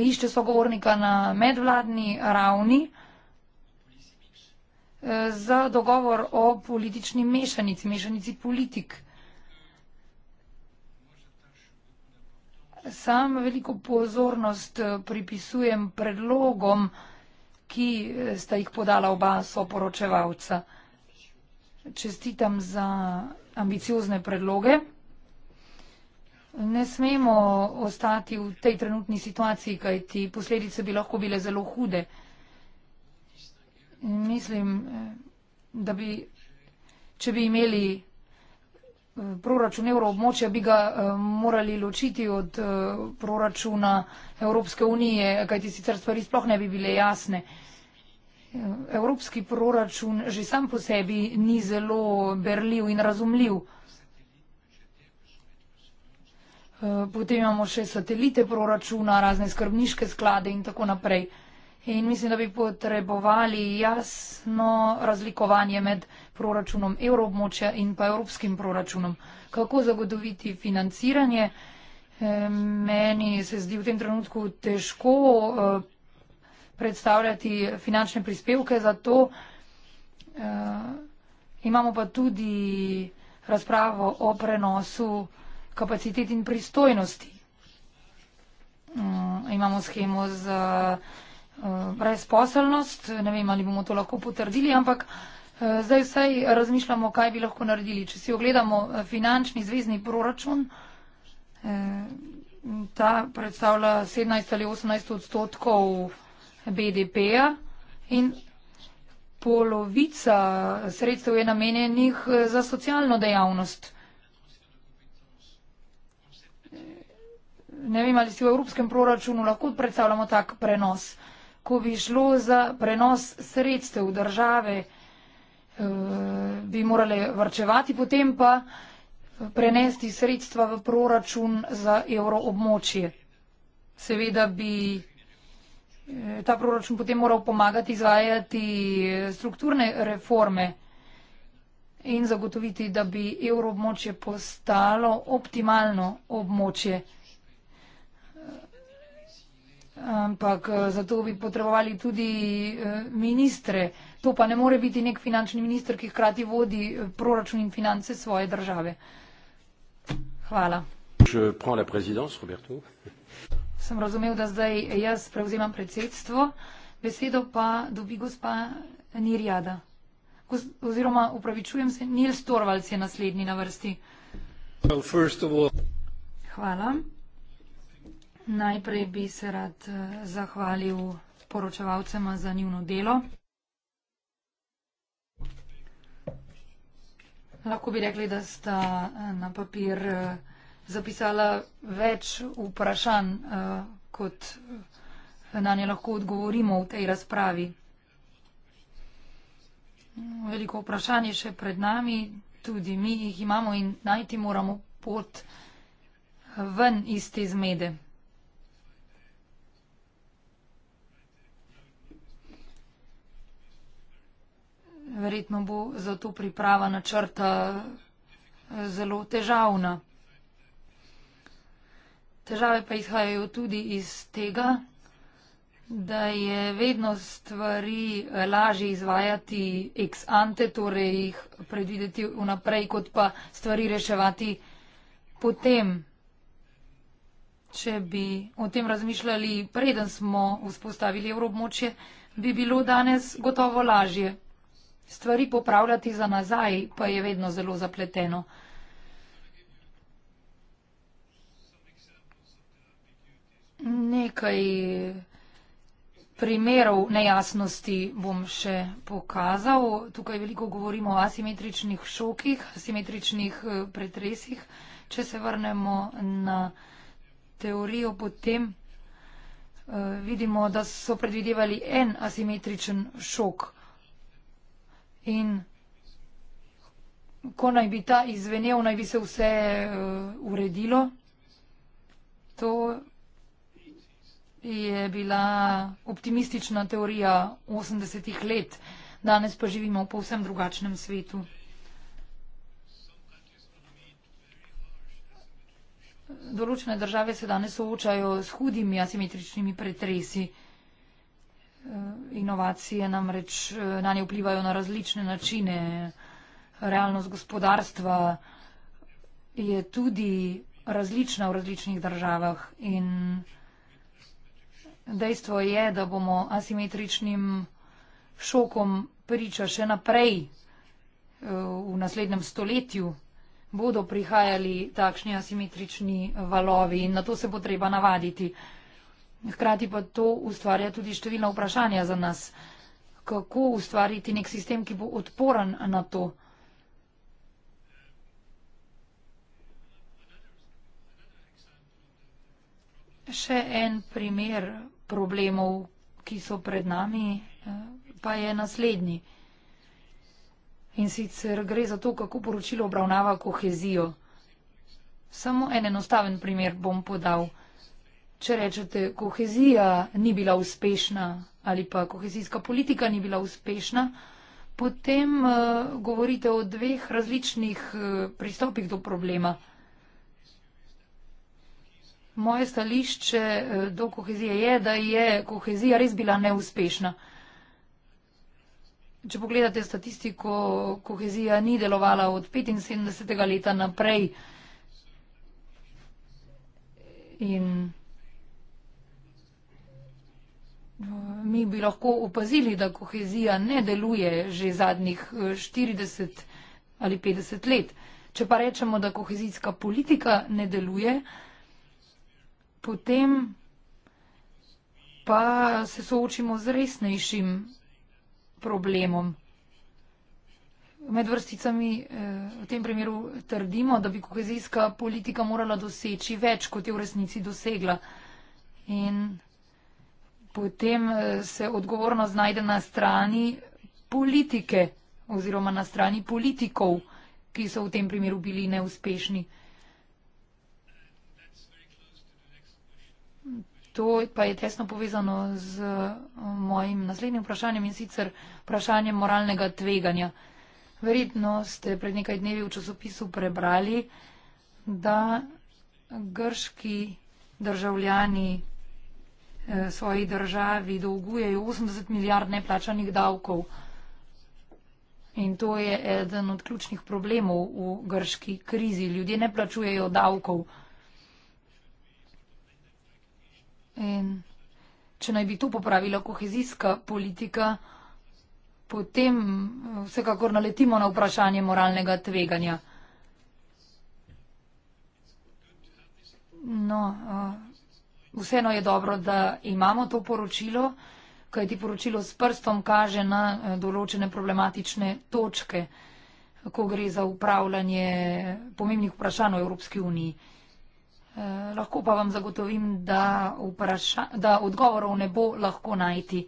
išče sogovornika na medvladni ravni eh, za dogovor o politični mešanici, mešanici politik. Sam veliko pozornost eh, pripisujem predlogom, ki eh, sta jih podala oba soporočevalca. Čestitam za ambiciozne predloge. Ne smemo ostati v tej trenutni situaciji, kajti posledice bi lahko bile zelo hude. Mislim, eh, da bi, če bi imeli eh, proračun evroobmočja, bi ga eh, morali ločiti od proračuna Evropske unije, kajti sicer stvari sploh ne bi bile jasne. Evropski proračun že sam po sebi ni zelo berljiv in razumljiv. Eh, potem imamo še satelite proračuna, razne skrbniške sklade in tako naprej. In mislim, da bi potrebovali jasno razlikovanje med proračunom evroobmočja in pa evropskim proračunom. Kako zagotoviti financiranje? Eh, meni se zdi v tem trenutku težko eh, predstavljati finančne prispevke za to. Imamo pa tudi razpravo o prenosu kapacitet in pristojnosti. Um, imamo schemo z uh, brezposelnost, ne vem, ali bomo to lahko potrdili, ampak uh, zdaj vsaj razmišljamo, kaj bi lahko naredili. Če si ogledamo eh, finančni zvezdni proračun, uh, ta predstavlja 17 ali 18 odstotkov BDP-ja in polovica sredstev je namenjenih za socialno dejavnost. ne vem, ali si v evropskem proračunu lahko predstavljamo tak prenos, ko bi šlo za prenos sredstev države, eh, bi morali vrčevati, potem pa prenesti sredstva v proračun za evroobmočje. Seveda bi eh, ta proračun potem moral pomagati izvajati eh, strukturne reforme in zagotoviti, da bi evroobmočje postalo optimalno območje ampak eh, zato bi potrebovali tudi eh, ministre. To pa ne more biti nek finančni minister, ki hkrati vodi eh, proračun in finance svoje države. Hvala. Sem razumel, da zdaj jaz prevzemam predsedstvo, besedo pa dobi gospa Nirjada. Oziroma, upravičujem se, Nils Torvalds je naslednji na vrsti. Well, first of all. Hvala. Najprej bi se rad eh, zahvalil poročevalcema za njuno delo. Lahko bi rekli, da sta eh, na papir eh, zapisala več vprašanj, kot na nje lahko odgovorimo v tej razpravi. Veliko vprašanj je še pred nami, tudi mi jih imamo in najti moramo pot ven iz te zmede. verjetno bo zato priprava načrta eh, zelo težavna. Težave pa izhajajo tudi iz tega, da je vedno stvari eh, lažje izvajati ex ante, torej jih predvideti vnaprej, kot pa stvari reševati potem. Če bi o tem razmišljali, preden smo vzpostavili evrobmočje, bi bilo danes gotovo lažje stvari popravljati za nazaj, pa je vedno zelo zapleteno. Nekaj primerov nejasnosti bom še pokazal. Tukaj veliko govorimo o asimetričnih šokih, asimetričnih eh, pretresih. Če se vrnemo na teorijo, potem eh, vidimo, da so predvidevali en asimetričen šok. In ko naj bi ta izvenel, naj bi se vse uh, uredilo. To je bila optimistična teorija 80-ih let. Danes pa živimo v povsem drugačnem svetu. Določene države se danes soočajo s hudimi asimetričnimi pretresi. Uh, Eh, inovacije namreč eh, na ne vplivajo na različne načine. Realnost gospodarstva je tudi različna v različnih državah in dejstvo je, da bomo asimetričnim šokom priča še naprej eh, v naslednjem stoletju, bodo prihajali takšni asimetrični valovi in na to se bo treba navaditi. Hkrati pa to ustvarja tudi številna vprašanja za nas. Kako ustvariti nek sistem, ki bo odporen na to? Še en primer problemov, ki so pred nami, eh, pa je naslednji. In sicer gre za to, kako poročilo obravnava kohezijo. Samo en enostaven primer bom podal če rečete, kohezija ni bila uspešna ali pa kohezijska politika ni bila uspešna, potem uh, govorite o dveh različnih uh, pristopih do problema. Moje stališče uh, do kohezije je, da je kohezija res bila neuspešna. Če pogledate statistiko, kohezija ni delovala od 75. leta naprej. In mi bi lahko opazili, da kohezija ne deluje že zadnjih 40 eh, ali 50 let. Če pa rečemo, da kohezijska politika ne deluje, potem pa se soočimo z resnejšim problemom. Med vrsticami eh, v tem primeru trdimo, da bi kohezijska politika morala doseči več, kot je v resnici dosegla. In potem eh, se odgovornost najde na strani politike oziroma na strani politikov, ki so v tem primeru bili neuspešni. To pa je tesno povezano z eh, mojim naslednjim vprašanjem in sicer vprašanjem moralnega tveganja. Verjetno ste pred nekaj dnevi v časopisu prebrali, da grški državljani Eh, svoji državi dolgujejo 80 milijard neplačanih davkov. In to je eden od ključnih problemov v grški krizi. Ljudje ne plačujejo davkov. In če naj bi to popravila kohezijska politika, potem eh, vsekakor naletimo na vprašanje moralnega tveganja. No, uh, vseeno je dobro, da imamo to poročilo, kaj ti poročilo s prstom kaže na eh, določene problematične točke, ko gre za upravljanje pomembnih vprašanj v Evropski uniji. Eh, lahko pa vam zagotovim, da, vpraša, da odgovorov ne bo lahko najti.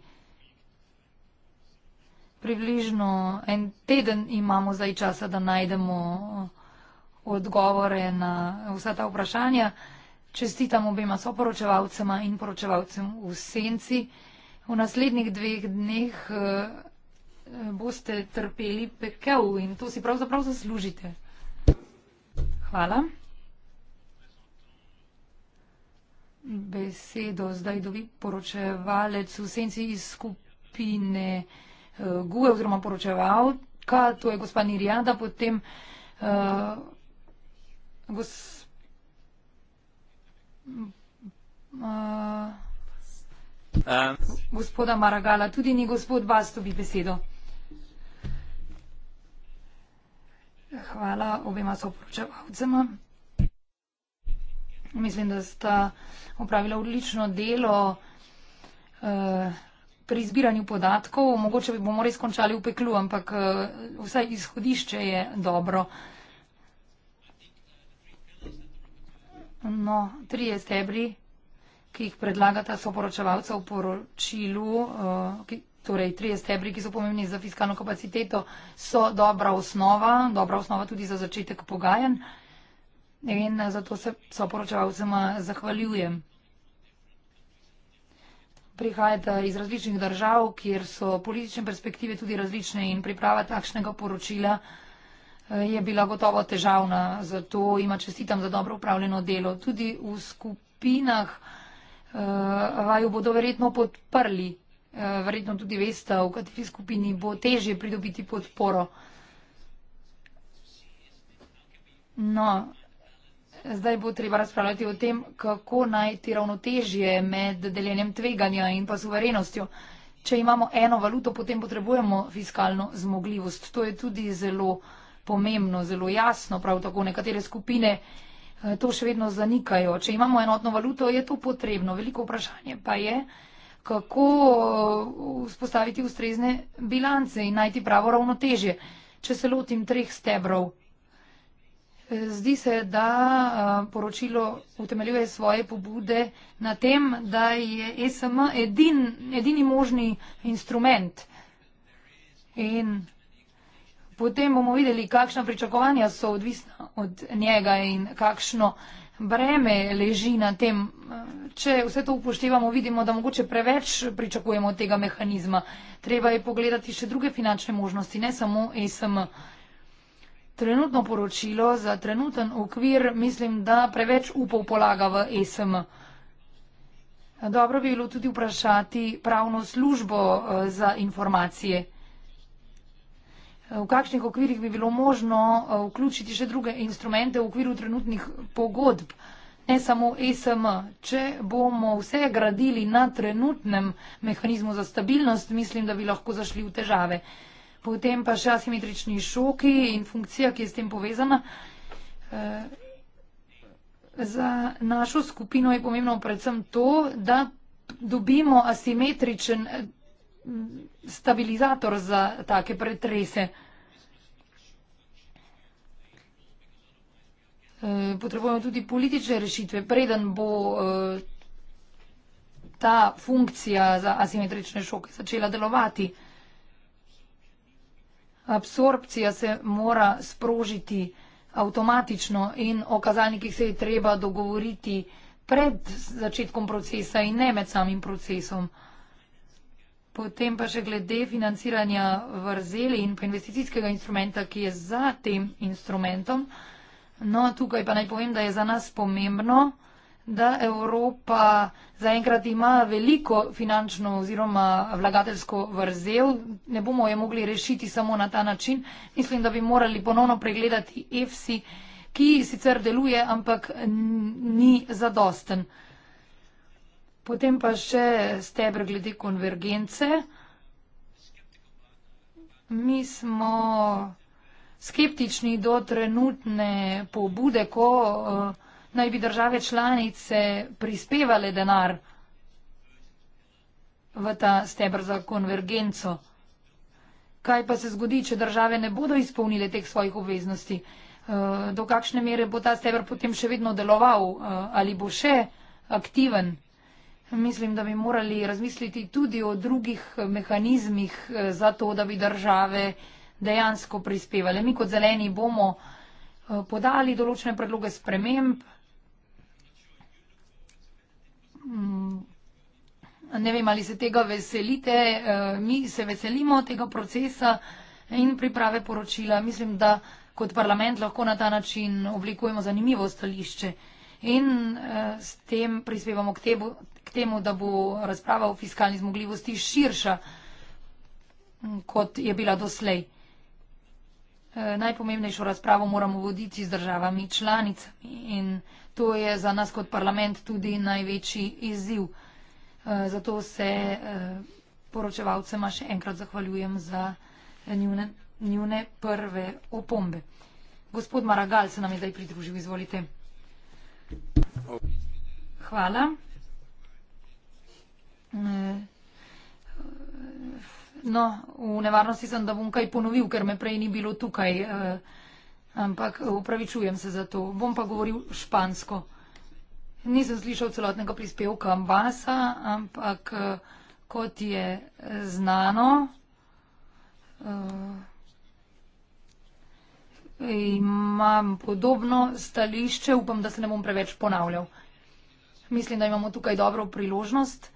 Približno en teden imamo zdaj časa, da najdemo odgovore na vsa ta vprašanja čestitam obema soporočevalcema in poročevalcem v senci. V naslednjih dveh dneh eh, boste trpeli pekel in to si pravzaprav zaslužite. Hvala. Besedo zdaj dobi poročevalec v senci iz skupine eh, GUE oziroma poročevalka, to je gospa Nirjada, potem uh, eh, gospod Uh, gospoda Maragala, tudi ni gospod Bas dobi besedo. Hvala obema soporočevalcema. Mislim, da sta opravila odlično delo uh, pri zbiranju podatkov. Mogoče bi bomo res končali v peklu, ampak uh, vsaj izhodišče je dobro. Uh, No, trije stebri, ki jih predlagata soporočevalca v poročilu, uh, ki, torej trije stebri, ki so pomembni za fiskalno kapaciteto, so dobra osnova, dobra osnova tudi za začetek pogajanj. In eh, zato se soporočevalcem zahvaljujem. Prihajate iz različnih držav, kjer so politične perspektive tudi različne in priprava takšnega poročila uh, je bila gotovo težavna, zato ima čestitam za dobro upravljeno delo. Tudi v skupinah eh, vaju bodo verjetno podprli, eh, verjetno tudi veste, v kateri skupini bo težje pridobiti podporo. No, zdaj bo treba razpravljati o tem, kako najti ravnotežje med deljenjem tveganja in pa suverenostjo. Če imamo eno valuto, potem potrebujemo fiskalno zmogljivost. To je tudi zelo pomembno, zelo jasno, prav tako nekatere skupine eh, to še vedno zanikajo. Če imamo enotno valuto, je to potrebno. Veliko vprašanje pa je, kako eh, vzpostaviti ustrezne bilance in najti pravo ravnotežje. Če se lotim treh stebrov, eh, zdi se, da poročilo utemeljuje svoje pobude na tem, da je e SM edin, edini možni instrument. In potem bomo videli, kakšna pričakovanja so odvisna od njega in kakšno breme leži na tem. Če vse to upoštevamo, vidimo, da mogoče preveč pričakujemo od tega mehanizma. Treba je pogledati še druge finančne možnosti, ne samo e SM. Trenutno poročilo za trenuten okvir mislim, da preveč upov polaga v e SM. Dobro bi bilo tudi vprašati pravno službo eh, za informacije. V kakšnih okvirih bi bilo možno eh, vključiti še druge instrumente v okviru trenutnih pogodb, ne samo e SM? Če bomo vse gradili na trenutnem mehanizmu za stabilnost, mislim, da bi lahko zašli v težave. Potem pa še asimetrični šoki in funkcija, ki je s tem povezana. Eh, za našo skupino je pomembno predvsem to, da dobimo asimetričen stabilizator za take pretrese. E, potrebujemo tudi politične rešitve, preden bo e, ta funkcija za asimetrične šoke začela delovati. Absorpcija se mora sprožiti avtomatično in o kazalnikih se je treba dogovoriti pred začetkom procesa in ne med samim procesom. Potem pa še glede financiranja vrzeli in investicijskega instrumenta, ki je za tem instrumentom. No, tukaj pa naj povem, da je za nas pomembno, da Evropa zaenkrat ima veliko finančno oziroma vlagateljsko vrzel. Ne bomo jo mogli rešiti samo na ta način. Mislim, da bi morali ponovno pregledati EFSI, ki sicer deluje, ampak ni zadosten. Potem pa še stebr glede konvergence. Mi smo skeptični do trenutne pobude, ko eh, naj bi države članice prispevale denar v ta stebr za konvergenco. Kaj pa se zgodi, če države ne bodo izpolnile teh svojih obveznosti? Eh, do kakšne mere bo ta stebr potem še vedno deloval eh, ali bo še aktiven? Mislim, da bi morali razmisliti tudi o drugih mehanizmih eh, za to, da bi države dejansko prispevali. Mi kot zeleni bomo eh, podali določene predloge sprememb. Mm, ne vem, ali se tega veselite, eh, mi se veselimo tega procesa in priprave poročila. Mislim, da kot parlament lahko na ta način oblikujemo zanimivo stališče in s tem prispevamo k temu, k temu, da bo razprava o fiskalni zmogljivosti širša, kot je bila doslej. E, najpomembnejšo razpravo moramo voditi z državami članicami in to je za nas kot parlament tudi največji izziv. E, zato se e, poročevalcema še enkrat zahvaljujem za njune, njune prve opombe. Gospod Maragal se nam je zdaj pridružil, izvolite. Oh. Hvala. Ne. Eh, no, v nevarnosti sem, da bom kaj ponovil, ker me prej ni bilo tukaj. Eh, ampak upravičujem se za to. Bom pa govoril špansko. Nisem slišal celotnega prispevka Ambasa, ampak eh, kot je znano, imam podobno stališče. Upam, da se ne bom preveč ponavljal. Mislim, da imamo tukaj dobro priložnost.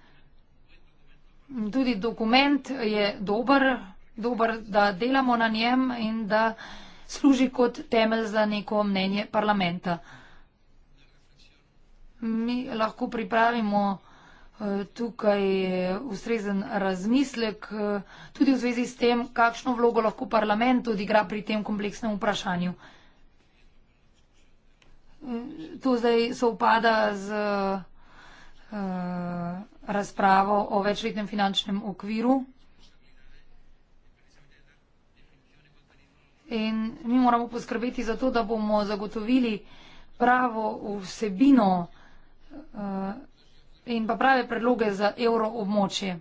Tudi dokument je dober, dober, da delamo na njem in da služi kot temelj za neko mnenje parlamenta. Mi lahko pripravimo eh, tukaj eh, ustrezen razmislek eh, tudi v zvezi s tem, kakšno vlogo lahko parlament odigra pri tem kompleksnem vprašanju. To zdaj se upada z. Uh, razpravo o večletnem finančnem okviru. In mi moramo poskrbeti za to, da bomo zagotovili pravo vsebino eh, in pa prave predloge za evro območje.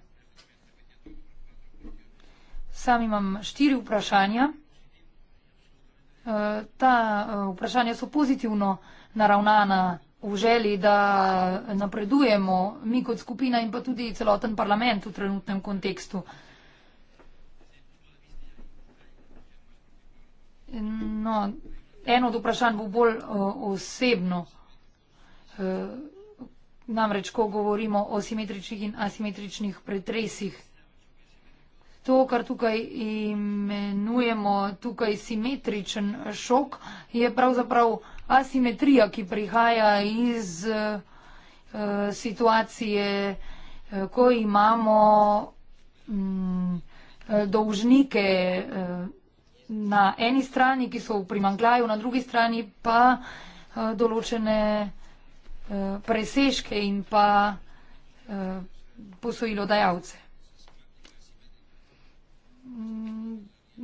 Sam imam štiri vprašanja. Eh, ta eh, vprašanja so pozitivno naravnana v želi, da napredujemo mi kot skupina in pa tudi celoten parlament v trenutnem kontekstu. No, eno od vprašanj bo bolj osebno. E, namreč, ko govorimo o simetričnih in asimetričnih pretresih, to, kar tukaj imenujemo tukaj simetričen šok, je pravzaprav asimetrija, ki prihaja iz uh, situacije, eh, ko imamo um, dolžnike uh, na eni strani, ki so v primanklaju, na drugi strani pa uh, določene uh, presežke in pa uh, posojilodajalce. Mm,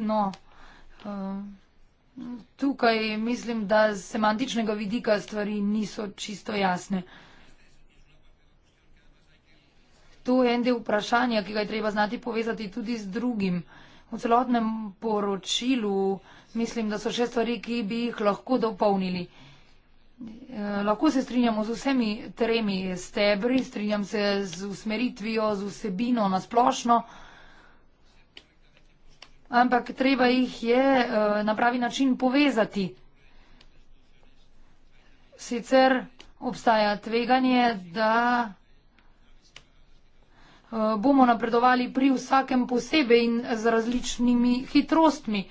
no. Uh, Tukaj mislim, da z semantičnega vidika stvari niso čisto jasne. To je en del vprašanja, ki ga je treba znati povezati tudi z drugim. V celotnem poročilu mislim, da so še stvari, ki bi jih lahko dopolnili. Eh, lahko se strinjamo z vsemi tremi stebri, strinjam se z usmeritvijo, z vsebino na splošno ampak treba jih je eh, na pravi način povezati. Sicer obstaja tveganje, da eh, bomo napredovali pri vsakem posebej in z različnimi hitrostmi.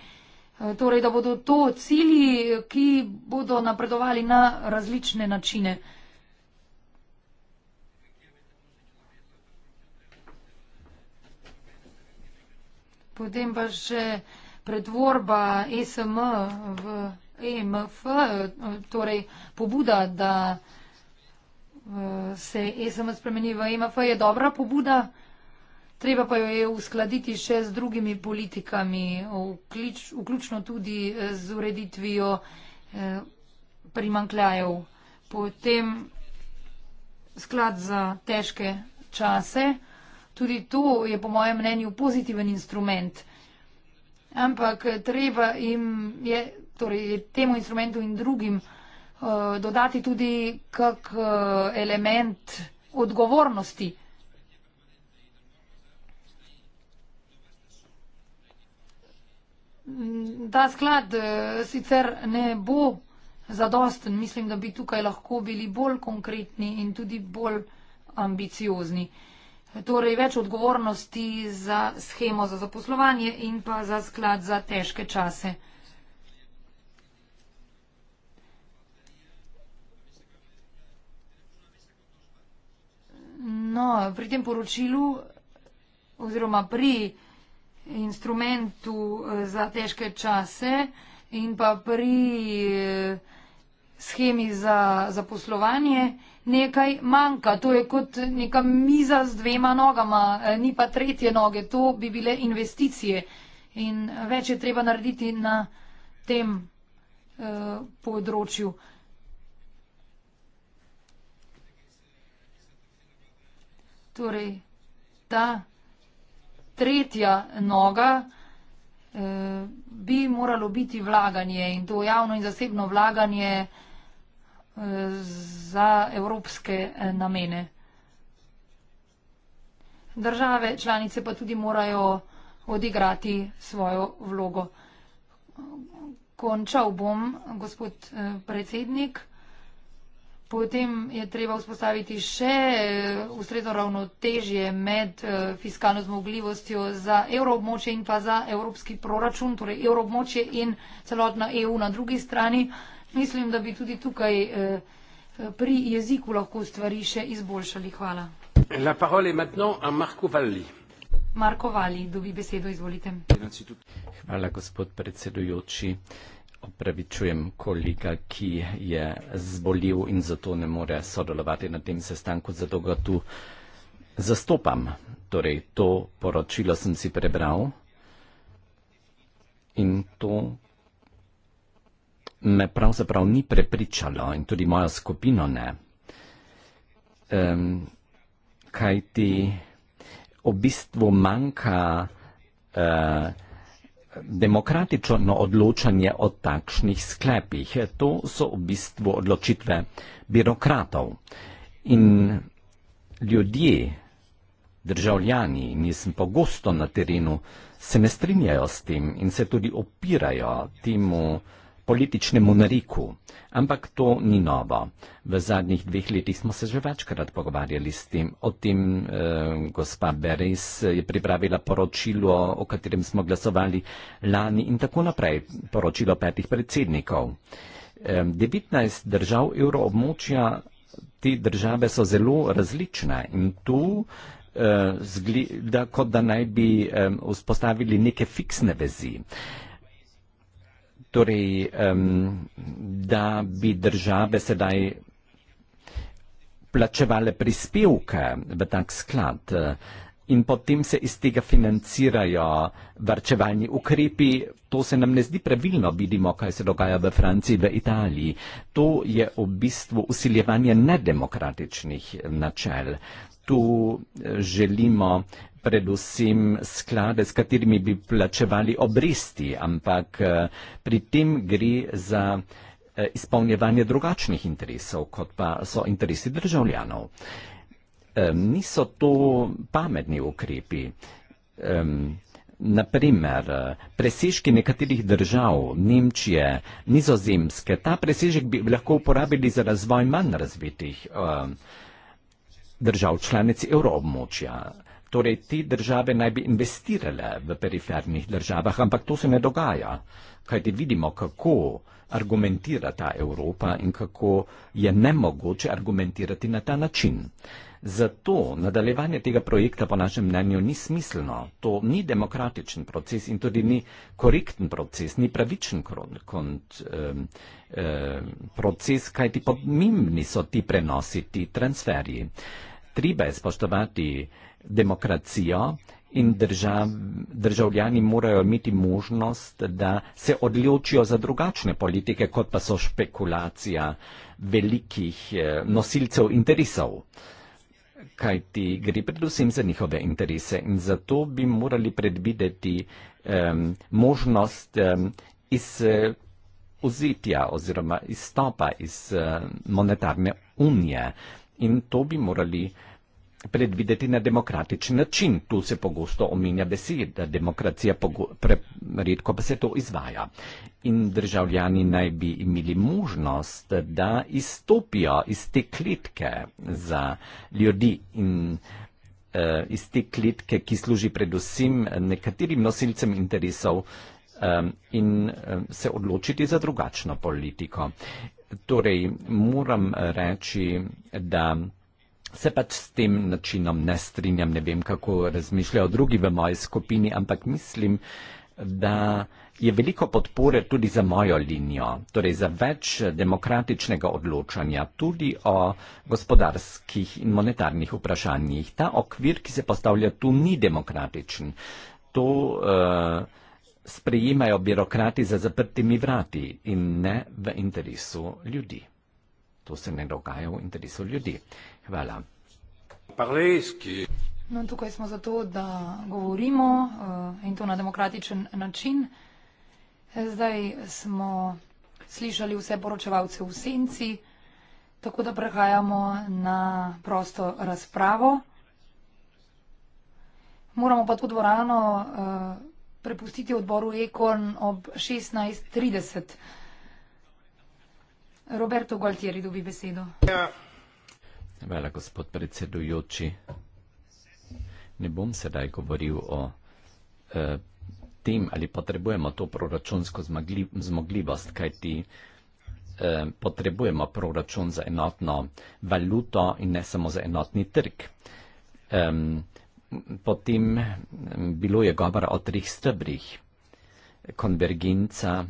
Eh, torej, da bodo to cilji, ki bodo napredovali na različne načine. Potem pa še predvorba e SM v EMF, torej pobuda, da eh, se e SM spremeni v EMF, je dobra pobuda, treba pa jo je uskladiti še z drugimi politikami, vključ, vključno tudi eh, z ureditvijo eh, primankljajev. Potem sklad za težke čase. Tudi to je po mojem mnenju pozitiven instrument. Ampak eh, treba jim je, torej temu instrumentu in drugim eh, dodati tudi kak eh, element odgovornosti. Mm, ta sklad sicer ne bo zadosten, mislim, da bi tukaj lahko bili bolj konkretni in tudi bolj ambiciozni. Torej več odgovornosti za schemo za zaposlovanje in pa za sklad za težke čase. No, pri tem poročilu oziroma pri instrumentu eh, za težke čase in pa pri eh, schemi za zaposlovanje nekaj manjka. To je kot neka miza z dvema nogama, e, ni pa tretje noge, to bi bile investicije. In več je treba narediti na tem eh, področju. Torej, ta tretja noga. Eh, bi moralo biti vlaganje in to javno in zasebno vlaganje eh, za evropske eh, namene. Države članice pa tudi morajo odigrati svojo vlogo. Končal bom, gospod predsednik. Potem je treba vzpostaviti še eh, ustrezno ravnotežje med eh, fiskalno zmogljivostjo za evroobmočje in pa za evropski proračun, torej evroobmočje in celotna EU na drugi strani. Mislim, da bi tudi tukaj eh, pri jeziku lahko stvari še izboljšali. Hvala. Marko Vali, dobi besedo, izvolite. Hvala, gospod predsedujoči opravičujem kolega, ki je zbolil in zato ne more sodelovati na tem sestanku, zato ga tu zastopam. Torej, to poročilo sem si prebral in to me pravzaprav ni prepričalo in tudi mojo skupino ne. Um, kaj ti v bistvu manjka uh, demokratično odločanje o takšnih sklepih. To so v bistvu odločitve birokratov in ljudje, državljani, nisem pogosto na terenu, se ne strinjajo s tem in se tudi opirajo temu, političnemu nariku. Ampak to ni novo. V zadnjih dveh letih smo se že večkrat pogovarjali s tem. O tem eh, gospa Beres je pripravila poročilo, o katerem smo glasovali lani in tako naprej. Poročilo petih predsednikov. Eh, 19 držav evroobmočja, te države so zelo različne in tu eh, zgleda, kot da naj bi eh, vzpostavili neke fiksne vezi. Eh, torej, um, da bi države sedaj plačevale prispevke v tak sklad in potem se iz tega financirajo varčevalni ukrepi. To se nam ne zdi pravilno, vidimo, kaj se dogaja v Franciji, v Italiji. To je v bistvu usiljevanje nedemokratičnih načel. Tu eh, želimo predvsem sklade, s katerimi bi plačevali obresti, ampak eh, pri tem gre za eh, izpolnjevanje drugačnih interesov, kot pa so interesi državljanov. Niso to pametni ukrepi. Naprimer, presežki nekaterih držav, Nemčije, nizozemske, ta presežek bi lahko uporabili za razvoj manj razvitih eh, držav članic evroobmočja. Torej, te države naj bi investirale v perifernih državah, ampak to se ne dogaja. Kaj ti vidimo, kako argumentira ta Evropa in kako je nemogoče argumentirati na ta način. Zato nadaljevanje tega projekta po našem mnenju ni smiselno. To ni demokratičen proces in tudi ni korekten proces, ni pravičen kont, um, um, proces, kaj ti pomembni so ti prenosi, ti transferji. Treba je spoštovati demokracijo in držav, državljani morajo imeti možnost, da se odločijo za drugačne politike, kot pa so špekulacija velikih eh, nosilcev interesov. Kaj ti gre predvsem za njihove interese in zato bi morali predvideti um, možnost um, iz uh, eh, ozitja oziroma izstopa iz uh, monetarne unije in to bi morali uh, predvideti na demokratični način. Tu se pogosto omenja beseda demokracija, redko pa se to izvaja. In državljani naj bi imeli možnost, da izstopijo iz te klitke za ljudi in uh, iz te klitke, ki služi predvsem nekaterim nosilcem interesov um, in um, se odločiti za drugačno politiko. Torej, moram reči, da se pač s tem načinom ne strinjam, ne vem, kako razmišljajo drugi v moji skupini, ampak mislim, da je veliko podpore tudi za mojo linijo, torej za več demokratičnega odločanja, tudi o gospodarskih in monetarnih vprašanjih. Ta okvir, ki se postavlja tu, ni demokratičen. To uh, sprejemajo birokrati za zaprtimi vrati in ne v interesu ljudi. To se ne dogaja v interesu ljudi. Hvala. No, tukaj smo zato, da govorimo eh, in to na demokratičen način. Zdaj smo slišali vse poročevalce v senci, tako da prehajamo na prosto razpravo. Moramo pa to dvorano eh, prepustiti odboru Ekon ob 16.30. Roberto Gualtieri dobi besedo. Hvala, gospod predsedujoči. Ne bom sedaj govoril o eh, tem, ali potrebujemo to proračunsko zmagli, zmogljivost, kajti eh, potrebujemo proračun za enotno valuto in ne samo za enotni trg. Um, potem bilo je govora o treh stebrih. Konvergenca,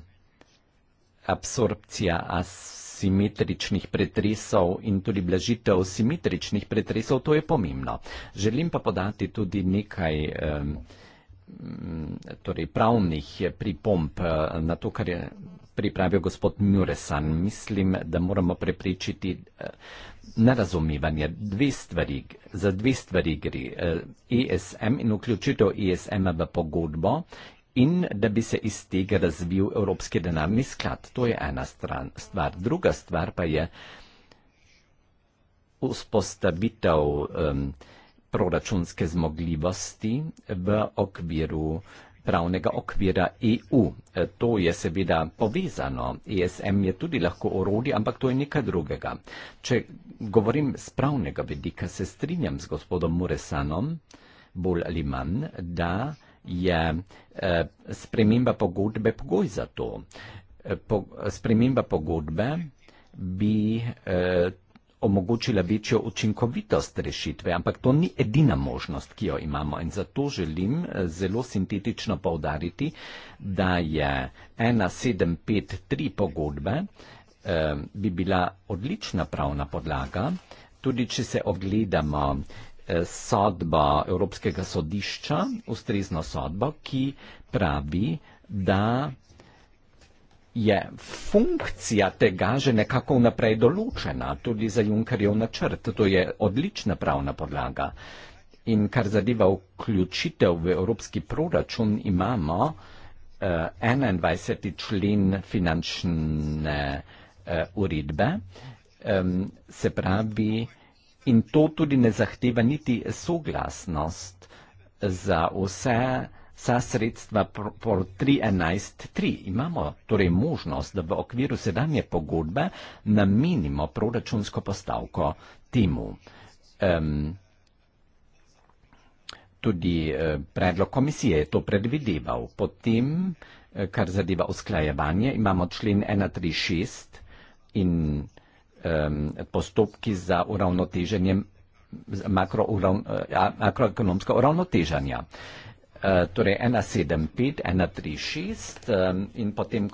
absorpcija, as simetričnih pretresov in tudi blažitev simetričnih pretresov, to je pomembno. Želim pa podati tudi nekaj mm, torej pravnih pripomp eh, na to, kar je pripravil gospod Muresan. Mislim, da moramo preprečiti eh, nerazumevanje. Dve stvari, za dve stvari gre. ESM eh, e in vključitev ESM-a v pogodbo in da bi se iz tega razvil Evropski denarni sklad. To je ena stran, stvar. Druga stvar pa je vzpostavitev um, proračunske zmogljivosti v okviru pravnega okvira EU. E, to je seveda povezano. ESM je tudi lahko orodje, ampak to je nekaj drugega. Če govorim z pravnega vidika, se strinjam z gospodom Muresanom bolj ali manj, da je eh, sprememba pogodbe pogoj za to. Eh, po, sprememba pogodbe bi eh, omogočila večjo učinkovitost rešitve, ampak to ni edina možnost, ki jo imamo. In zato želim zelo sintetično povdariti, da je 1753 pogodbe eh, bi bila odlična pravna podlaga, tudi če se ogledamo Eh, sodba Evropskega sodišča, ustrezno sodbo, ki pravi, da je funkcija tega že nekako vnaprej določena, tudi za Junkerjev načrt. To je odlična pravna podlaga. In kar zadeva vključitev v evropski proračun, imamo eh, 21. člen finančne eh, uredbe, eh, se pravi, in to tudi ne zahteva niti soglasnost za vse vsa sredstva por 3.11.3. Imamo torej možnost, da v okviru sedanje pogodbe namenimo proračunsko postavko temu. Um, tudi eh, predlog komisije je to predvideval. Potem, eh, kar zadeva usklajevanje, imamo člen 136 in postopki za uravnoteženje makroekonomskega uravnoteženja. E, torej 175, 136 in potem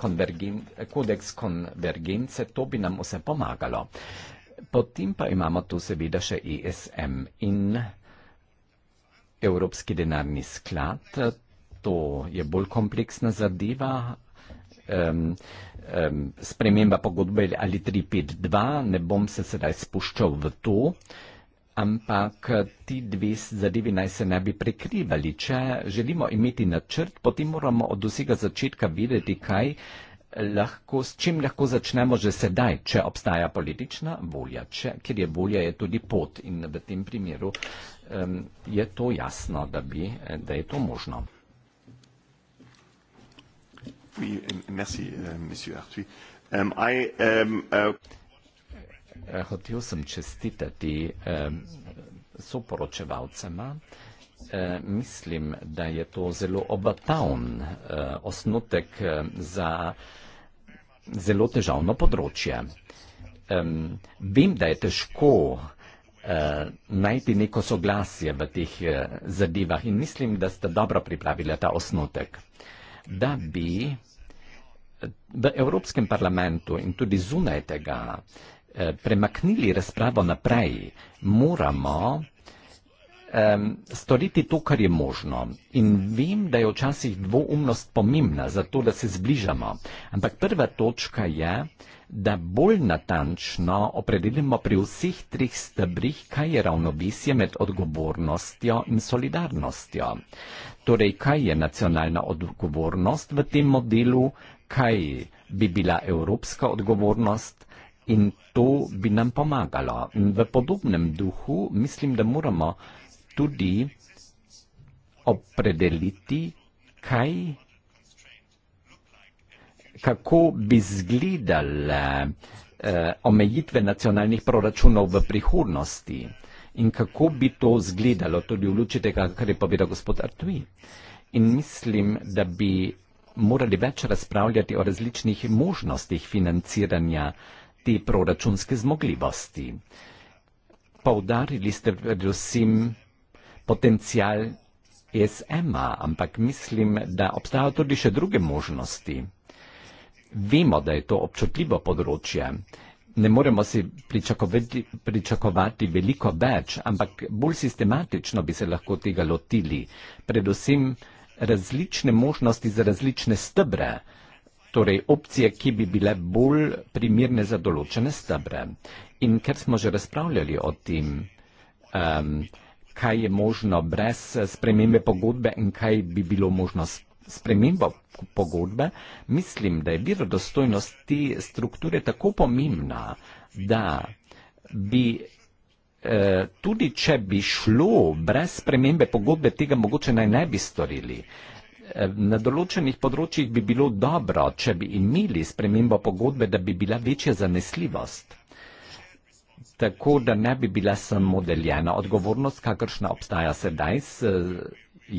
kodeks konvergence, to bi nam vse pomagalo. Potem pa imamo tu seveda še ESM in Evropski denarni sklad. To je bolj kompleksna zadeva sprememba pogodbe ali 3-5-2, ne bom se sedaj spuščal v to, ampak ti dve zadevi naj se ne bi prekrivali. Če želimo imeti načrt, potem moramo od vsega začetka videti, kaj lahko, s čim lahko začnemo že sedaj, če obstaja politična volja, če, ker je volja je tudi pot in v tem primeru um, je to jasno, da, bi, da je to možno. Oui, euh, merci, euh, monsieur Arthuis. Um, I, um, uh... Eh, hotel sem čestitati um, soporočevalcema. Uh, mislim, da je to zelo obatavn uh, eh, osnutek za zelo težavno področje. Um, vem, da je težko uh, najti neko soglasje v teh uh, zadevah in mislim, da ste dobro pripravili ta osnutek da bi v Evropskem parlamentu in tudi zunaj tega eh, premaknili razpravo naprej, moramo storiti to, kar je možno. In vem, da je včasih dvoumnost pomembna za to, da se zbližamo. Ampak prva točka je, da bolj natančno opredelimo pri vseh treh stebrih, kaj je ravnovesje med odgovornostjo in solidarnostjo. Torej, kaj je nacionalna odgovornost v tem modelu, kaj bi bila evropska odgovornost in to bi nam pomagalo. V podobnem duhu mislim, da moramo tudi opredeliti, kaj, kako bi zgledale eh, omejitve nacionalnih proračunov v prihodnosti in kako bi to izgledalo tudi v luči tega, kar je povedal gospod Artui. In mislim, da bi morali več razpravljati o različnih možnostih financiranja te proračunske zmogljivosti. Povdarili ste predvsem potencial ESM-a, ampak mislim, da obstajajo tudi še druge možnosti. Vemo, da je to občutljivo področje ne moremo si pričakovati veliko več, ampak bolj sistematično bi se lahko tega lotili. Predvsem različne možnosti za različne stebre, torej opcije, ki bi bile bolj primirne za določene stebre. In ker smo že razpravljali o tem, um, kaj je možno brez spremembe pogodbe in kaj bi bilo možno s spremembo pogodbe, mislim, da je verodostojnost te strukture tako pomembna, da bi eh, tudi, če bi šlo brez spremembe pogodbe, tega mogoče naj ne bi storili. Eh, na določenih področjih bi bilo dobro, če bi imeli spremembo pogodbe, da bi bila večja zanesljivost. Tako da ne bi bila samo deljena odgovornost, kakršna obstaja sedaj s eh,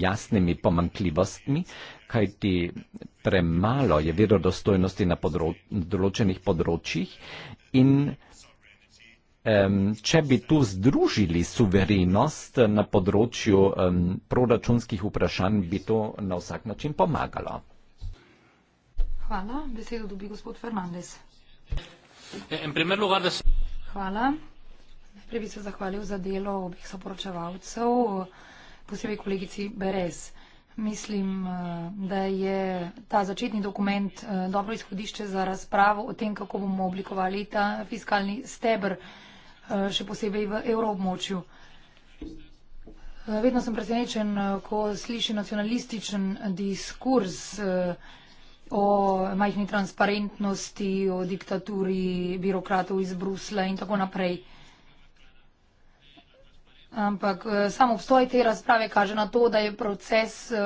jasnimi pomankljivostmi, kajti premalo je verodostojnosti na področ določenih področjih in um, če bi tu združili suverenost na področju um, proračunskih vprašanj, bi to na vsak način pomagalo. Hvala. Besedo dobi gospod Fernandez. E, Hvala. Najprej bi se zahvalil za delo obeh soporočevalcev, posebej kolegici Berez. Uh, Mislim, eh, da je ta začetni dokument eh, dobro izhodišče za razpravo o tem, kako bomo oblikovali ta fiskalni stebr, eh, še posebej v evroobmočju. Vedno sem presenečen, ko sliši nacionalističen diskurs o majhni transparentnosti, o diktaturi birokratov iz Brusla in tako naprej. Ampak e, sam obstoj te razprave kaže na to, da je proces e,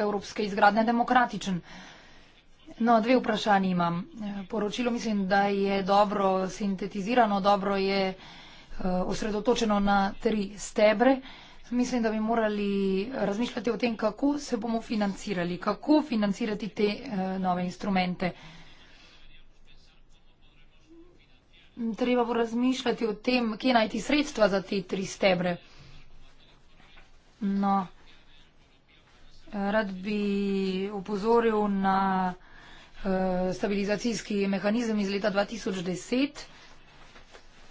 evropske izgradnje demokratičen. No, dve vprašanje imam. E, poročilo mislim, da je dobro sintetizirano, dobro je osredotočeno na tri stebre. Mislim, da bi morali razmišljati o tem, kako se bomo financirali, kako financirati te nove instrumente. Treba bo razmišljati o tem, kje najti sredstva za te tri stebre. No, rad bi upozoril na uh, stabilizacijski mehanizem iz leta 2010,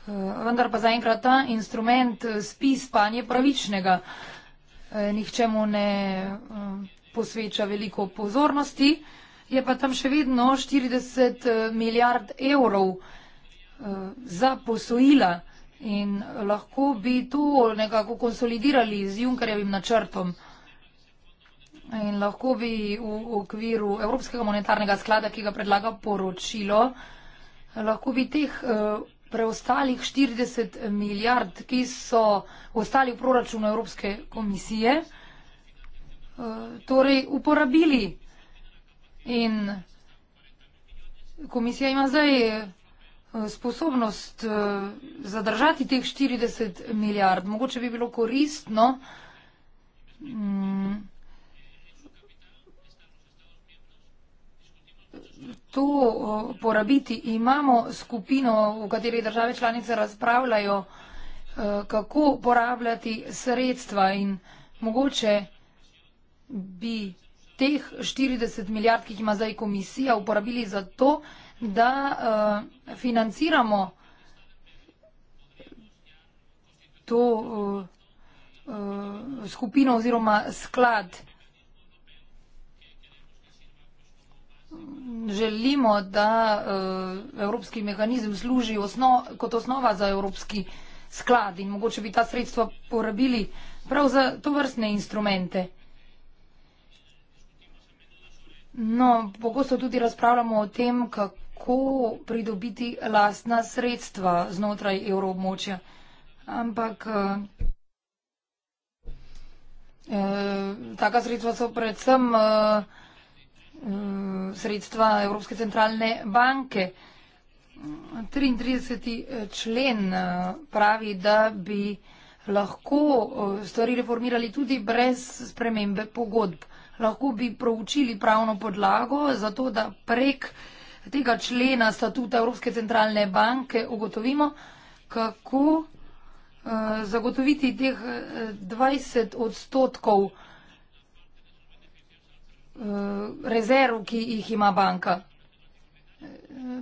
uh, eh, vendar pa zaenkrat ta instrument eh, spi spanje pravičnega. Uh, nihče mu ne uh, posveča veliko pozornosti, je pa tam še vedno 40 milijard evrov. Eh, za posojila in lahko bi to nekako konsolidirali z Junkerjevim načrtom. In lahko bi v okviru Evropskega monetarnega sklada, ki ga predlaga poročilo, lahko bi teh eh, preostalih 40 milijard, ki so ostali v proračunu Evropske komisije, eh, torej uporabili. In komisija ima zdaj Eh, sposobnost eh, zadržati teh 40 milijard. Mogoče bi bilo koristno mm, to porabiti. Imamo skupino, v kateri države članice razpravljajo, eh, kako porabljati sredstva in mogoče bi teh 40 milijard, ki jih ima zdaj komisija, uporabili za to, da bi da uh, financiramo to uh, uh, skupino oziroma sklad. Želimo, da uh, evropski mehanizem služi osno, kot osnova za evropski sklad in mogoče bi ta sredstva porabili prav za to vrstne instrumente. No, pogosto tudi razpravljamo o tem, kako lahko pridobiti lastna sredstva znotraj evroobmočja. Ampak eh, eh taka sredstva so predvsem eh, eh sredstva Evropske centralne banke. 33. člen eh, pravi, da bi lahko stvari reformirali tudi brez spremembe pogodb. Lahko bi proučili pravno podlago za to, da prek eh, tega člena statuta Evropske centralne banke ugotovimo, kako eh, zagotoviti teh 20 eh, odstotkov eh, rezerv, ki jih ima banka.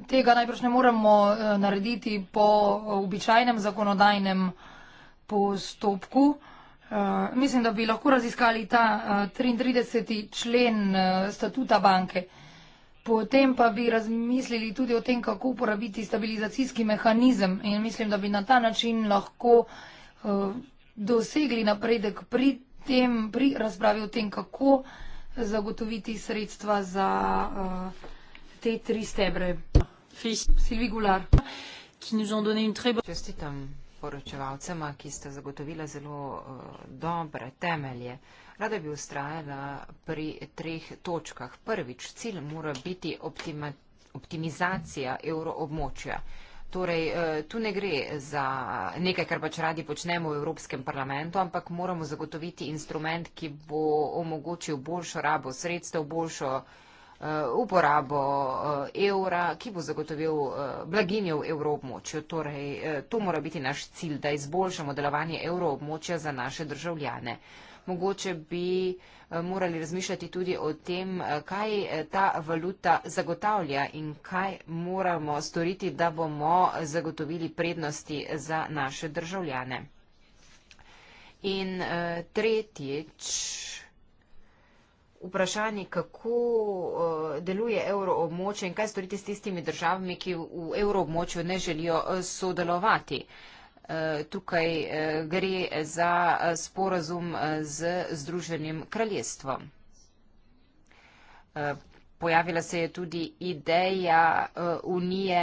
Tega najprej ne moremo narediti po običajnem zakonodajnem postopku. Mislim, da bi lahko raziskali ta 33. člen statuta banke. Potem pa bi razmislili tudi o tem, kako uporabiti stabilizacijski mehanizem in mislim, da bi na ta način lahko uh, dosegli napredek pri, tem, pri razpravi o tem, kako zagotoviti sredstva za uh, te tri stebre. Silvi Gular. Čestitam poročevalcema, ki ste zagotovila zelo uh, dobre temelje. Uh, Rada bi ustrajala pri treh točkah. Prvič, cilj mora biti optima, optimizacija euroobmočja. Torej, eh, tu ne gre za nekaj, kar pač radi počnemo v Evropskem parlamentu, ampak moramo zagotoviti instrument, ki bo omogočil boljšo rabo sredstev, boljšo eh, uporabo eh, evra, ki bo zagotovil blaginjo v evroobmočju. Torej, to mora biti naš cilj, da izboljšamo delovanje evroobmočja za naše državljane mogoče bi eh, morali razmišljati tudi o tem, eh, kaj eh, ta valuta zagotavlja in kaj moramo storiti, da bomo zagotovili prednosti za naše državljane. In tretjič, vprašanje, kako deluje evroobmoče in kaj storiti s tistimi državami, ki v evroobmočju ne želijo sodelovati. Eh, tukaj eh, gre za eh, sporazum z Združenim kraljestvom. Pojavila se je tudi ideja unije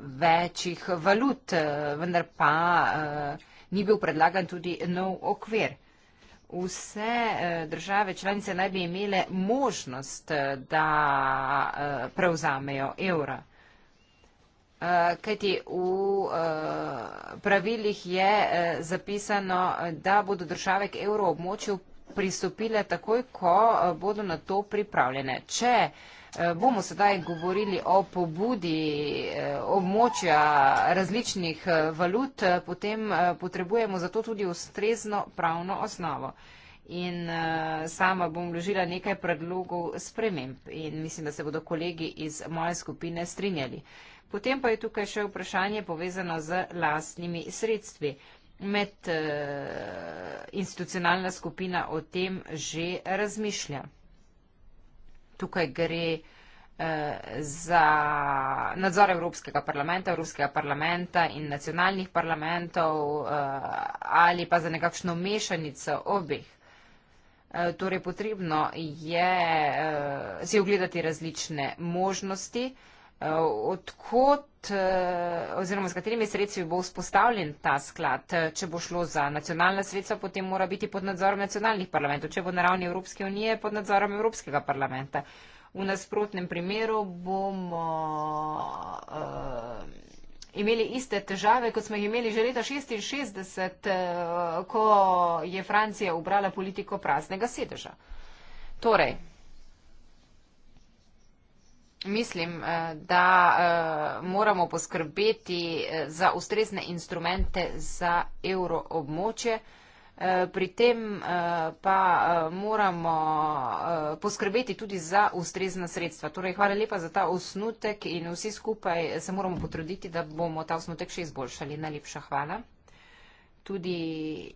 večjih valut, vendar pa ni bil predlagan tudi nov okvir. Vse države članice naj bi imele možnost, da prevzamejo evra kajti v eh, pravilih je eh, zapisano, da bodo države k evro območju pristopile takoj, ko eh, bodo na to pripravljene. Če bomo sedaj govorili o pobudi območja različnih valut, potem potrebujemo za to tudi ustrezno pravno osnovo. In sama bom vložila nekaj predlogov sprememb in mislim, da se bodo kolegi iz moje skupine strinjali. Potem pa je tukaj še vprašanje povezano z lastnimi sredstvi. Med uh, institucionalna skupina o tem že razmišlja. Tukaj gre eh, za nadzor Evropskega parlamenta, Evropskega parlamenta in nacionalnih parlamentov eh, ali pa za nekakšno mešanico obeh. Torej potrebno je si ogledati različne možnosti, odkot eh, oziroma z katerimi sredstvi bo vzpostavljen ta sklad? Če bo šlo za nacionalna sredstva, potem mora biti pod nadzorom nacionalnih parlamentov. Če bo na ravni Evropske unije, pod nadzorom Evropskega parlamenta. V nasprotnem primeru bomo uh, imeli iste težave, kot smo jih imeli že leta 66, uh, eh, ko je Francija ubrala politiko praznega sedeža. Torej, Mislim, eh, da eh, moramo poskrbeti eh, za ustrezne instrumente za euroobmočje. Pri tem pa moramo poskrbeti tudi za ustrezna sredstva. Torej, hvala lepa za ta osnutek in vsi skupaj se moramo potruditi, da bomo ta osnutek še izboljšali. Najlepša hvala. Tudi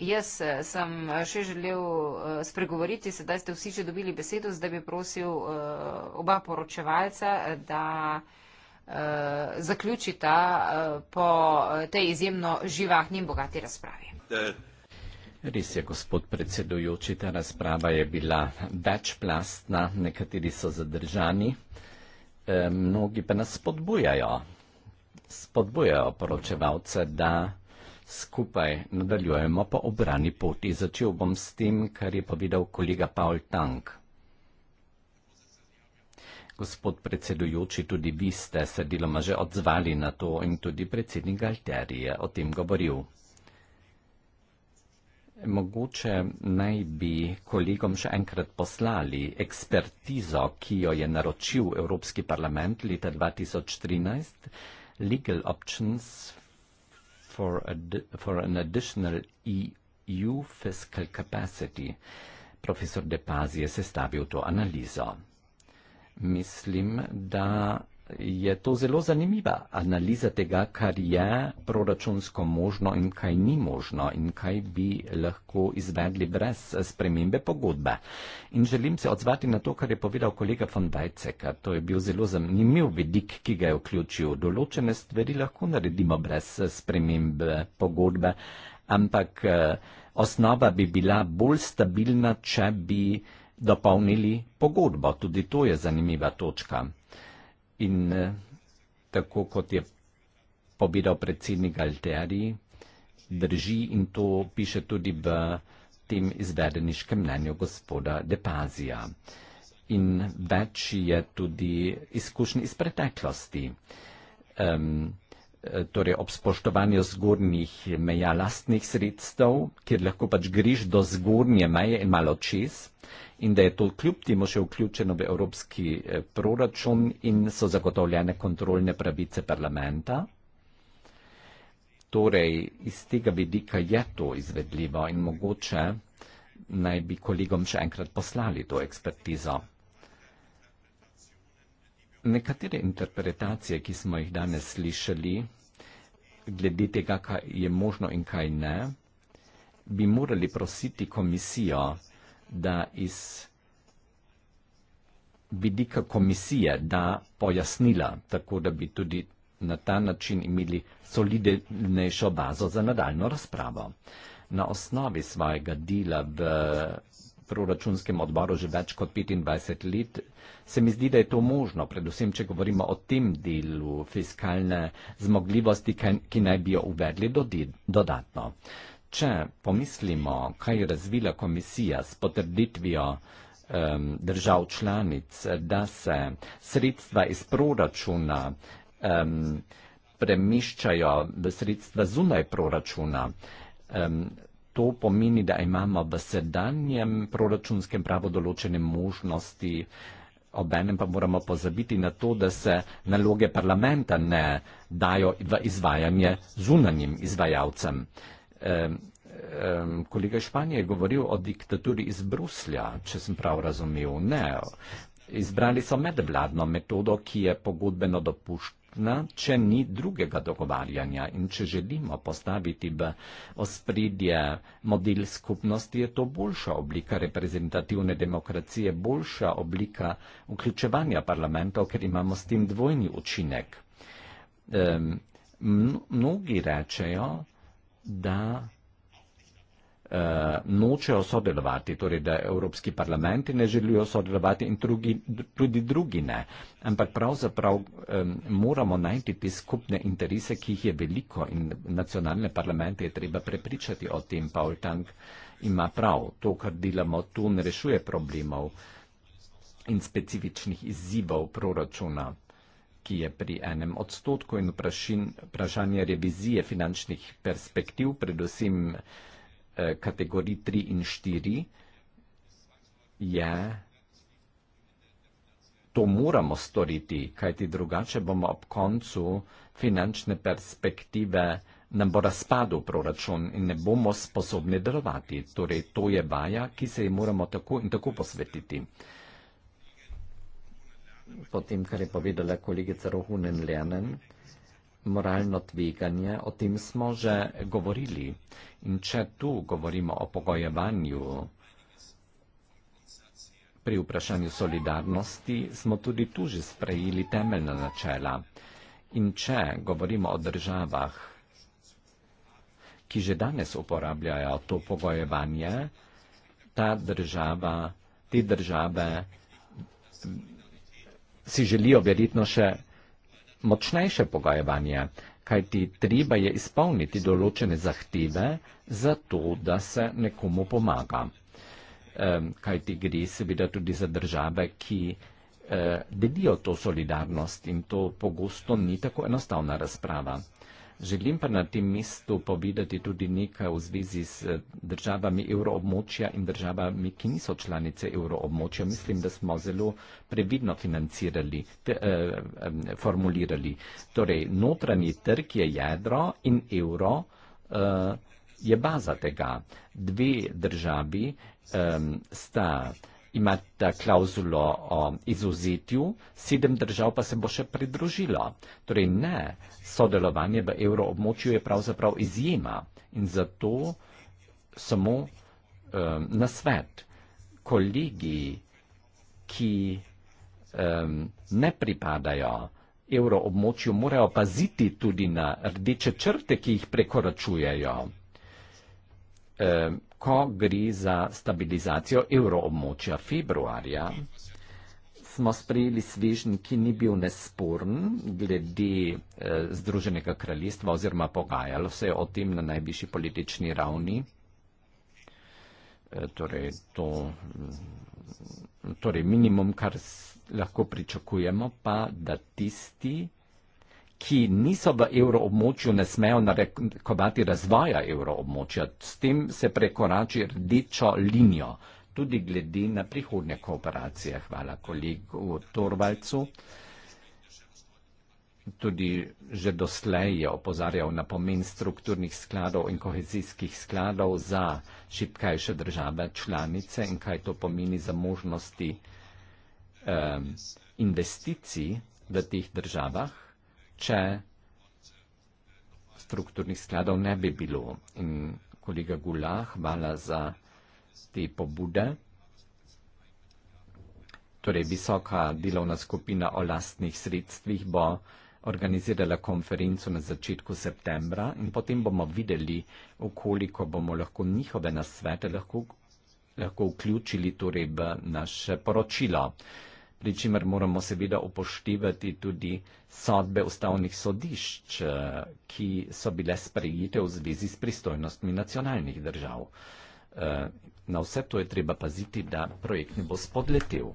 Jaz eh, sem eh, še želel eh, spregovoriti, sedaj ste vsi že dobili besedo, zdaj bi prosil oba poročevalca, da zaključita po tej izjemno živahni in bogati razpravi. Res je, gospod predsedujoči, ta razprava je bila večplastna, nekateri so zadržani, mnogi pa nas spodbujajo, spodbujajo poročevalce, da skupaj nadaljujemo po obrani poti. Začel bom s tem, kar je povedal kolega Paul Tank. Gospod predsedujoči, tudi vi ste se deloma že odzvali na to in tudi predsednik Galterije je o tem govoril. Mogoče naj bi kolegom še enkrat poslali ekspertizo, ki jo je naročil Evropski parlament leta 2013, Legal Options for, ad for an additional EU fiscal capacity. Profesor De Pazi je sestavil to analizo. Mislim, da je to zelo zanimiva analiza tega, kar je proračunsko možno in kaj ni možno in kaj bi lahko izvedli brez spremembe pogodbe. In želim se odzvati na to, kar je povedal kolega von Weizsäck. To je bil zelo zanimiv vidik, ki ga je vključil. Določene stvari lahko naredimo brez spremembe pogodbe, ampak eh, osnova bi bila bolj stabilna, če bi dopolnili pogodbo. Tudi to je zanimiva točka. In eh, tako kot je povedal predsednik Galteri, drži in to piše tudi v tem izvedeniškem mnenju gospoda Depazija. In več je tudi izkušnji iz preteklosti. Um, torej ob spoštovanju zgornjih meja lastnih sredstev, kjer lahko pač griš do zgornje meje in malo čez, in da je to kljub temu še vključeno v evropski eh, proračun in so zagotovljene kontrolne pravice parlamenta. Torej, iz tega vidika je to izvedljivo in mogoče naj bi kolegom še enkrat poslali to ekspertizo. Nekatere interpretacije, ki smo jih danes slišali, glede tega, kaj je možno in kaj ne, bi morali prositi komisijo, da iz vidika komisije da pojasnila, tako da bi tudi na ta način imeli solidnejšo bazo za nadaljno razpravo. Na osnovi svojega dela v proračunskem odboru že več kot 25 let, se mi zdi, da je to možno, predvsem, če govorimo o tem delu fiskalne zmogljivosti, ki naj bi jo uvedli dodatno če pomislimo, kaj je razvila komisija s potrditvijo um, držav članic, da se sredstva iz proračuna um, premiščajo v sredstva zunaj proračuna. Um, To pomeni, da imamo v sedanjem proračunskem pravu določene možnosti, obenem pa moramo pozabiti na to, da se naloge parlamenta ne dajo v izvajanje zunanjim izvajalcem kolega Španije je govoril o diktaturi iz Bruslja, če sem prav razumel. Ne. Izbrali so medvladno metodo, ki je pogodbeno dopuščena, če ni drugega dogovarjanja in če želimo postaviti v ospredje model skupnosti, je to boljša oblika reprezentativne demokracije, boljša oblika vključevanja parlamentov, ker imamo s tem dvojni učinek. Mnogi rečejo, da uh, nočejo sodelovati, torej da Evropski parlamenti ne želijo sodelovati in drugi, tudi drugi ne. Ampak pravzaprav um, moramo najti te skupne interese, ki jih je veliko in nacionalne parlamente je treba prepričati o tem. Paul Tank ima prav, to, kar delamo tu, ne rešuje problemov in specifičnih izzivov proračuna ki je pri enem odstotku in vprašin, vprašanje revizije finančnih perspektiv, predvsem eh, kategorij 3 in 4, je, to moramo storiti, kajti drugače bomo ob koncu finančne perspektive nam bo razpadel proračun in ne bomo sposobni delovati. Torej, to je vaja, ki se ji moramo tako in tako posvetiti po tem, kar je povedala kolegica Rohunen Lenen, moralno tveganje, o tem smo že govorili. In če tu govorimo o pogojevanju pri vprašanju solidarnosti, smo tudi tu že sprejeli temeljna načela. In če govorimo o državah, ki že danes uporabljajo to pogojevanje, ta država, te države si želijo verjetno še močnejše pogajevanje, kajti treba je izpolniti določene zahteve za to, da se nekomu pomaga. Kajti gre seveda tudi za države, ki eh, delijo to solidarnost in to pogosto ni tako enostavna razprava. Želim pa na tem mestu povedati tudi nekaj v zvezi z eh, državami evroobmočja in državami, ki niso članice evroobmočja. Mislim, da smo zelo previdno financirali, te, eh, formulirali. Torej, notranji trg je jedro in evro eh, je baza tega. Dve državi eh, sta ima ta klauzulo o izuzetju, sedem držav pa se bo še pridružilo. Torej ne, sodelovanje v evroobmočju je pravzaprav izjema in zato samo um, eh, na svet kolegi, ki um, ne pripadajo evroobmočju, morajo paziti tudi na rdeče črte, ki jih prekoračujejo. Um, ko gre za stabilizacijo evroobmočja februarja, smo sprejeli svežen, ki ni bil nesporn glede eh, Združenega kraljestva oziroma pogajalo se je o tem na najvišji politični ravni. E, torej, to, mm, torej, minimum, kar lahko pričakujemo, pa da tisti, ki niso v evroobmočju, ne smejo narekovati razvoja evroobmočja. S tem se prekorači rdečo linijo, tudi glede na prihodnje kooperacije. Hvala kolegu Torvalcu. Tudi že doslej je opozarjal na pomen strukturnih skladov in kohezijskih skladov za šipkajše države članice in kaj to pomeni za možnosti eh, investicij v teh državah če strukturnih skladov ne bi bilo. In kolega Gula, hvala za te pobude. Torej, visoka delovna skupina o lastnih sredstvih bo organizirala konferenco na začetku septembra in potem bomo videli, koliko bomo lahko njihove nasvete lahko, lahko vključili torej v naše poročilo pri čemer moramo seveda upoštevati tudi sodbe ustavnih sodišč, eh, ki so bile sprejete v zvezi s pristojnostmi nacionalnih držav. Eh, na vse to je treba paziti, da projekt ne bo spodletel.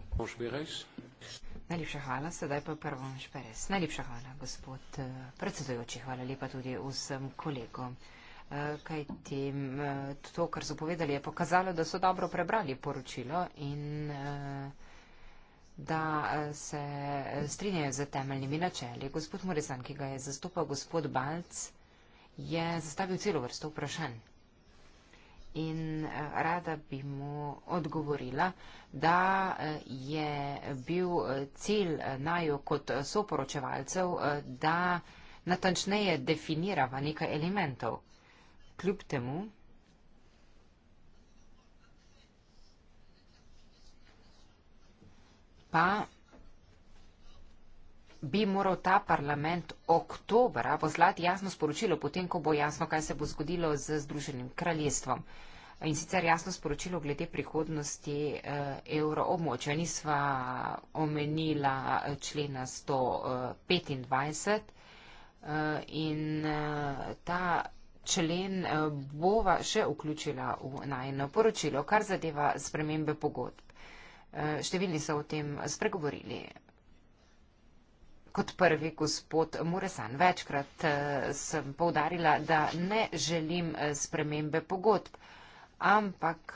Najlepša hvala, sedaj pa prvo Šperes. Najlepša hvala, gospod eh, predsedujoči, hvala lepa tudi vsem kolegom. Kaj tem, to, kar so povedali, je pokazalo, da so dobro prebrali poročilo in uh, da eh, se eh, strinjajo z temeljnimi načeli. Gospod Morezan, ki ga je zastopal gospod Balc, je zastavil celo vrsto vprašanj. In eh, rada bi mu odgovorila, da je bil cilj najo kot soporočevalcev, da natančneje definirava nekaj elementov. Kljub temu, pa bi moral ta parlament oktobra pozlati jasno sporočilo, potem, ko bo jasno, kaj se bo zgodilo z Združenim kraljestvom. In sicer jasno sporočilo glede prihodnosti eh, euroobmočja. Nisva omenila eh, člena 125 eh, eh, in eh, ta člen eh, bova še vključila v najno poročilo, kar zadeva spremembe pogodb. Eh, številni so o tem spregovorili. Kot prvi gospod Muresan, večkrat eh, sem povdarila, da ne želim eh, spremembe pogodb, ampak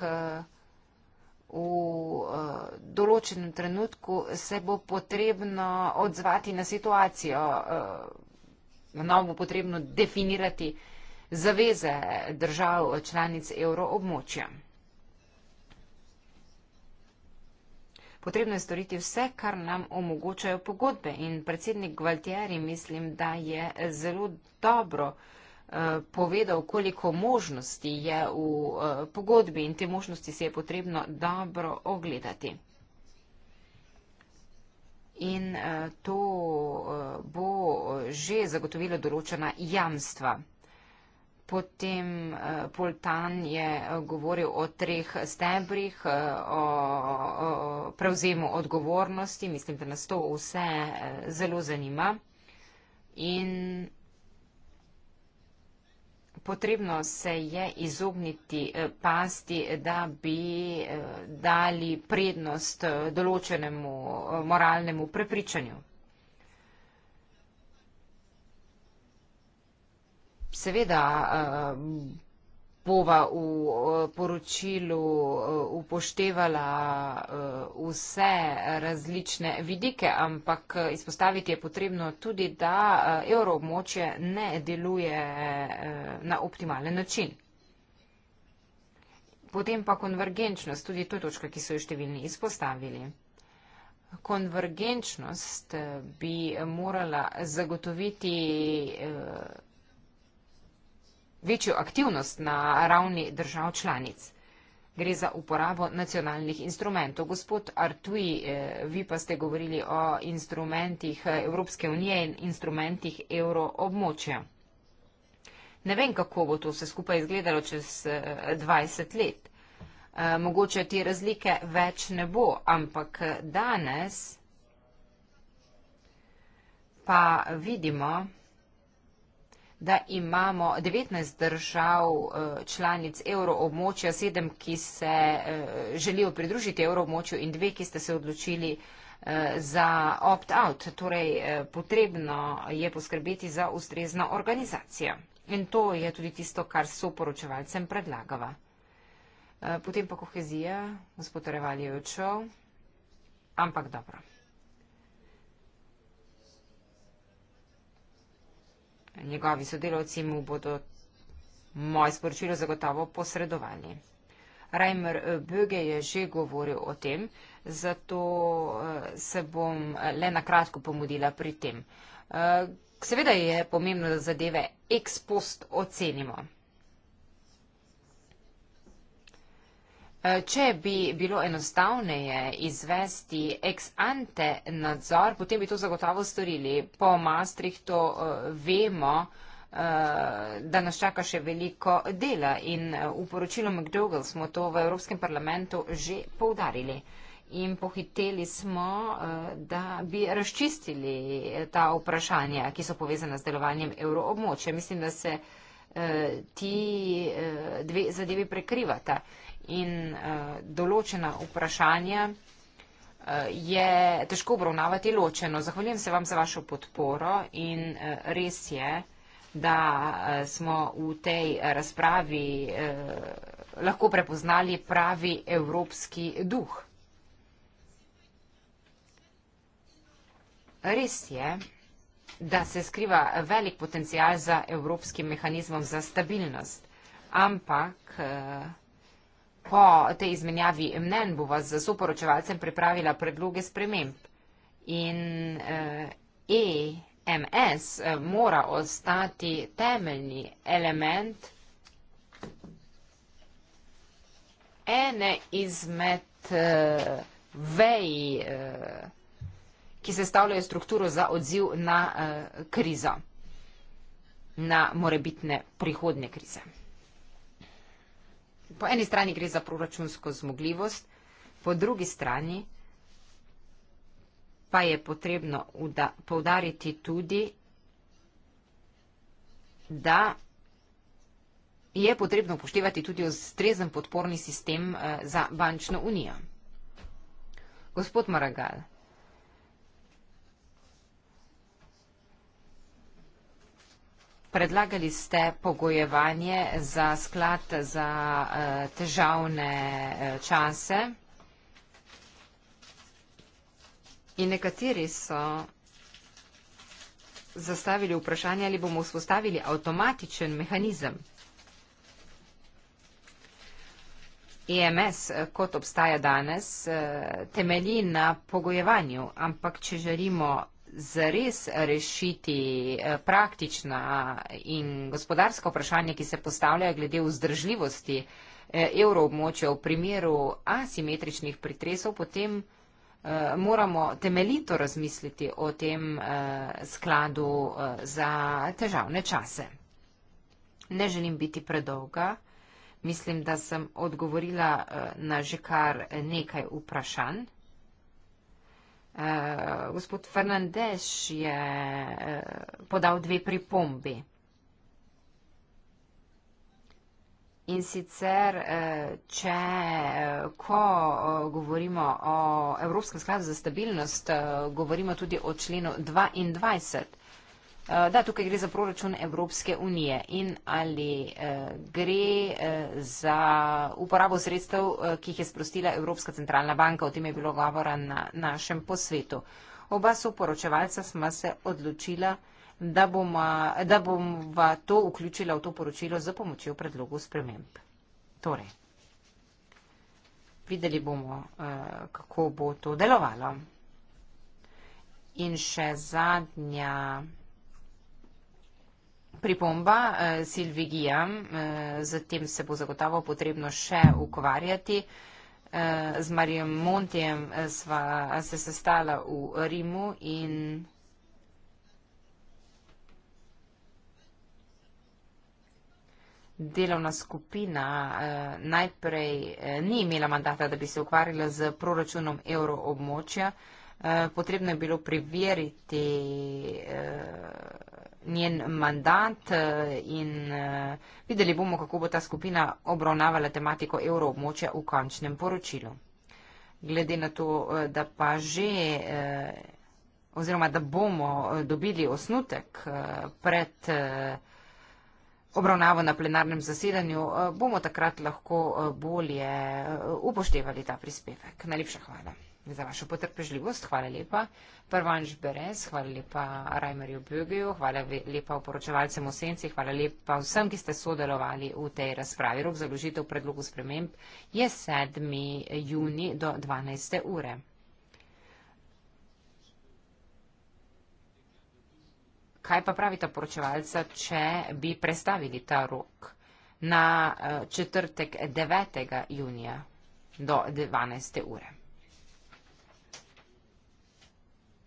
v določenem trenutku se bo potrebno odzvati na situacijo. Nam bo potrebno definirati zaveze držav članic evroobmočja. potrebno je storiti vse, kar nam omogočajo pogodbe. In predsednik Gvaltieri mislim, da je zelo dobro eh, povedal, koliko možnosti je v eh, pogodbi in te možnosti se je potrebno dobro ogledati. In eh, to bo že zagotovilo določena jamstva. Potem eh, Poltan je eh, govoril o treh stebrih, eh, o, o prevzemu odgovornosti. Mislim, da nas to vse zelo zanima. In potrebno se je izogniti pasti, da bi dali prednost določenemu moralnemu prepričanju. seveda eh, bova v eh, poročilu eh, upoštevala vse različne vidike, ampak izpostaviti je potrebno tudi, da evroobmočje ne deluje na optimalen način. Potem pa konvergenčnost, tudi to je točka, ki so jo številni izpostavili. Konvergenčnost bi morala zagotoviti večjo aktivnost na ravni držav članic. Gre za uporabo nacionalnih instrumentov. Gospod Artui, eh, vi pa ste govorili o instrumentih eh, Evropske unije in instrumentih evroobmočja. Ne vem, kako bo to vse skupaj izgledalo čez 20 eh, let. Mogoče te razlike več ne bo, ampak danes pa vidimo, da imamo 19 držav eh, članic evroobmočja, sedem, ki se eh, želijo pridružiti evroobmočju in dve, ki ste se odločili eh, za opt-out. Torej, potrebno je poskrbeti za ustrezno organizacijo. In to je tudi tisto, kar so poročevalcem predlagava. Potem pa kohezija, gospod Revali je odšel, ampak dobro. njegovi sodelovci mu bodo moj sporočilo zagotovo posredovali. Reimer eh, Böge je že govoril o tem, zato eh, se bom eh, le na kratko pomudila pri tem. Seveda je pomembno, da zadeve ex post ocenimo. Eh, če bi bilo enostavneje izvesti ex ante nadzor, potem bi to zagotovo storili. Po Maastricht to eh, vemo, eh, da nas čaka še veliko dela in v poročilu McDougall smo to v Evropskem parlamentu že poudarili in pohiteli smo, da bi razčistili ta vprašanja, ki so povezane z delovanjem evroobmočja. Mislim, da se ti dve zadevi prekrivata in uh, določena vprašanja uh, je težko obravnavati ločeno. Zahvaljujem se vam za vašo podporo in uh, res je, da uh, smo v tej razpravi uh, lahko prepoznali pravi evropski duh. Res je, da se skriva velik potencial za evropskim mehanizmom za stabilnost, ampak uh, Po tej izmenjavi mnen bova z soporočevalcem pripravila predloge sprememb in EMS eh, e eh, mora ostati temeljni element ene izmed eh, vej, ki se stavljajo strukturo za odziv na krizo, na morebitne prihodne krize po eni strani gre za proračunsko zmogljivost, po drugi strani pa je potrebno uda, povdariti tudi, da je potrebno upoštevati tudi ustrezen podporni sistem eh, za bančno unijo. Gospod Maragal, predlagali ste pogojevanje za sklad za eh, težavne eh, čase in nekateri so zastavili vprašanje, ali bomo vzpostavili avtomatičen mehanizem. EMS, eh, kot obstaja danes, temelji na pogojevanju, ampak če želimo zares rešiti eh, praktična in gospodarska vprašanja, ki se postavljajo glede vzdržljivosti eh, evroobmočja v primeru asimetričnih pritresov, potem eh, moramo temeljito razmisliti o tem skladu za težavne čase. Ne želim biti predolga. Mislim, da sem odgovorila na že kar nekaj vprašanj. Eh, gospod Fernandez je uh, podal dve pripombi. In sicer, eh, če ko govorimo o Evropskem skladu za stabilnost, govorimo tudi o členu 22, Eh, da, tukaj gre za proračun Evropske unije in ali eh, gre eh, za uporabo sredstev, ki jih je sprostila Evropska centralna banka. O tem je bilo govora na našem posvetu. Oba soporočevalca sva se odločila, da bom to vključila v to poročilo za pomočjo predlogov sprememb. Torej, videli bomo, kako bo to delovalo. In še zadnja vprašanja pripomba eh, Silvi Gijam, eh, z tem se bo zagotovo potrebno še ukvarjati. Eh, z Marijem Montijem eh, sva se sestala v Rimu in. Delovna skupina eh, najprej eh, ni imela mandata, da bi se ukvarjala z proračunom evroobmočja. Eh, potrebno je bilo priveriti. Eh, njen mandat eh, in eh, videli bomo, kako bo ta skupina obravnavala tematiko evroobmočja v končnem poročilu. Glede na to, eh, da pa že oziroma da bomo dobili osnutek pred obravnavo na plenarnem zasedanju, bomo takrat lahko bolje upoštevali ta prispevek. Najlepša hvala za vašo potrpežljivost, hvala lepa. Prvanž Berez, hvala lepa Rajmerju Bögeju, hvala lepa oporočevalcem v senci, hvala lepa vsem, ki ste sodelovali v tej razpravi. Rok za vložitev predlogu sprememb je 7. juni do 12. ure. Kaj pa pravita poročevalca, če bi predstavili ta rok na eh, četrtek 9. junija do 12. ure?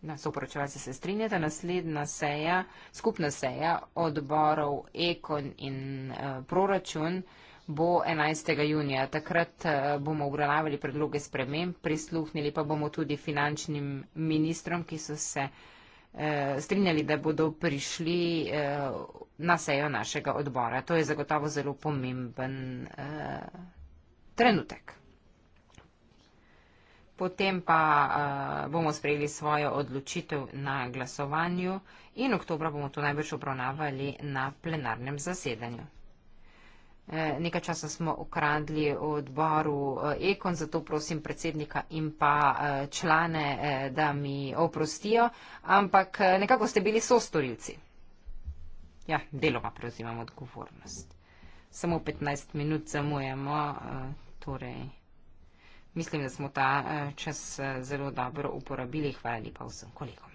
Na soporočevalce se strinjate, naslednja seja, skupna seja odborov Ekon in e, proračun bo 11. junija. Takrat e, bomo obravnavali predloge sprememb, prisluhnili pa bomo tudi finančnim ministrom, ki so se e, strinjali, da bodo prišli e, na sejo našega odbora. To je zagotovo zelo pomemben e, trenutek potem pa uh, bomo sprejeli svojo odločitev na glasovanju in oktobra bomo to najbrž obravnavali na plenarnem zasedanju. Eh, nekaj časa smo ukradli odboru eh, Ekon, zato prosim predsednika in pa člane, da mi oprostijo, ampak nekako ste bili sostorilci. Ja, deloma prevzimam odgovornost. Samo 15 minut zamujemo, torej Mislim, da smo ta eh, čas eh, zelo dobro uporabili. Hvala lepa vsem kolegom.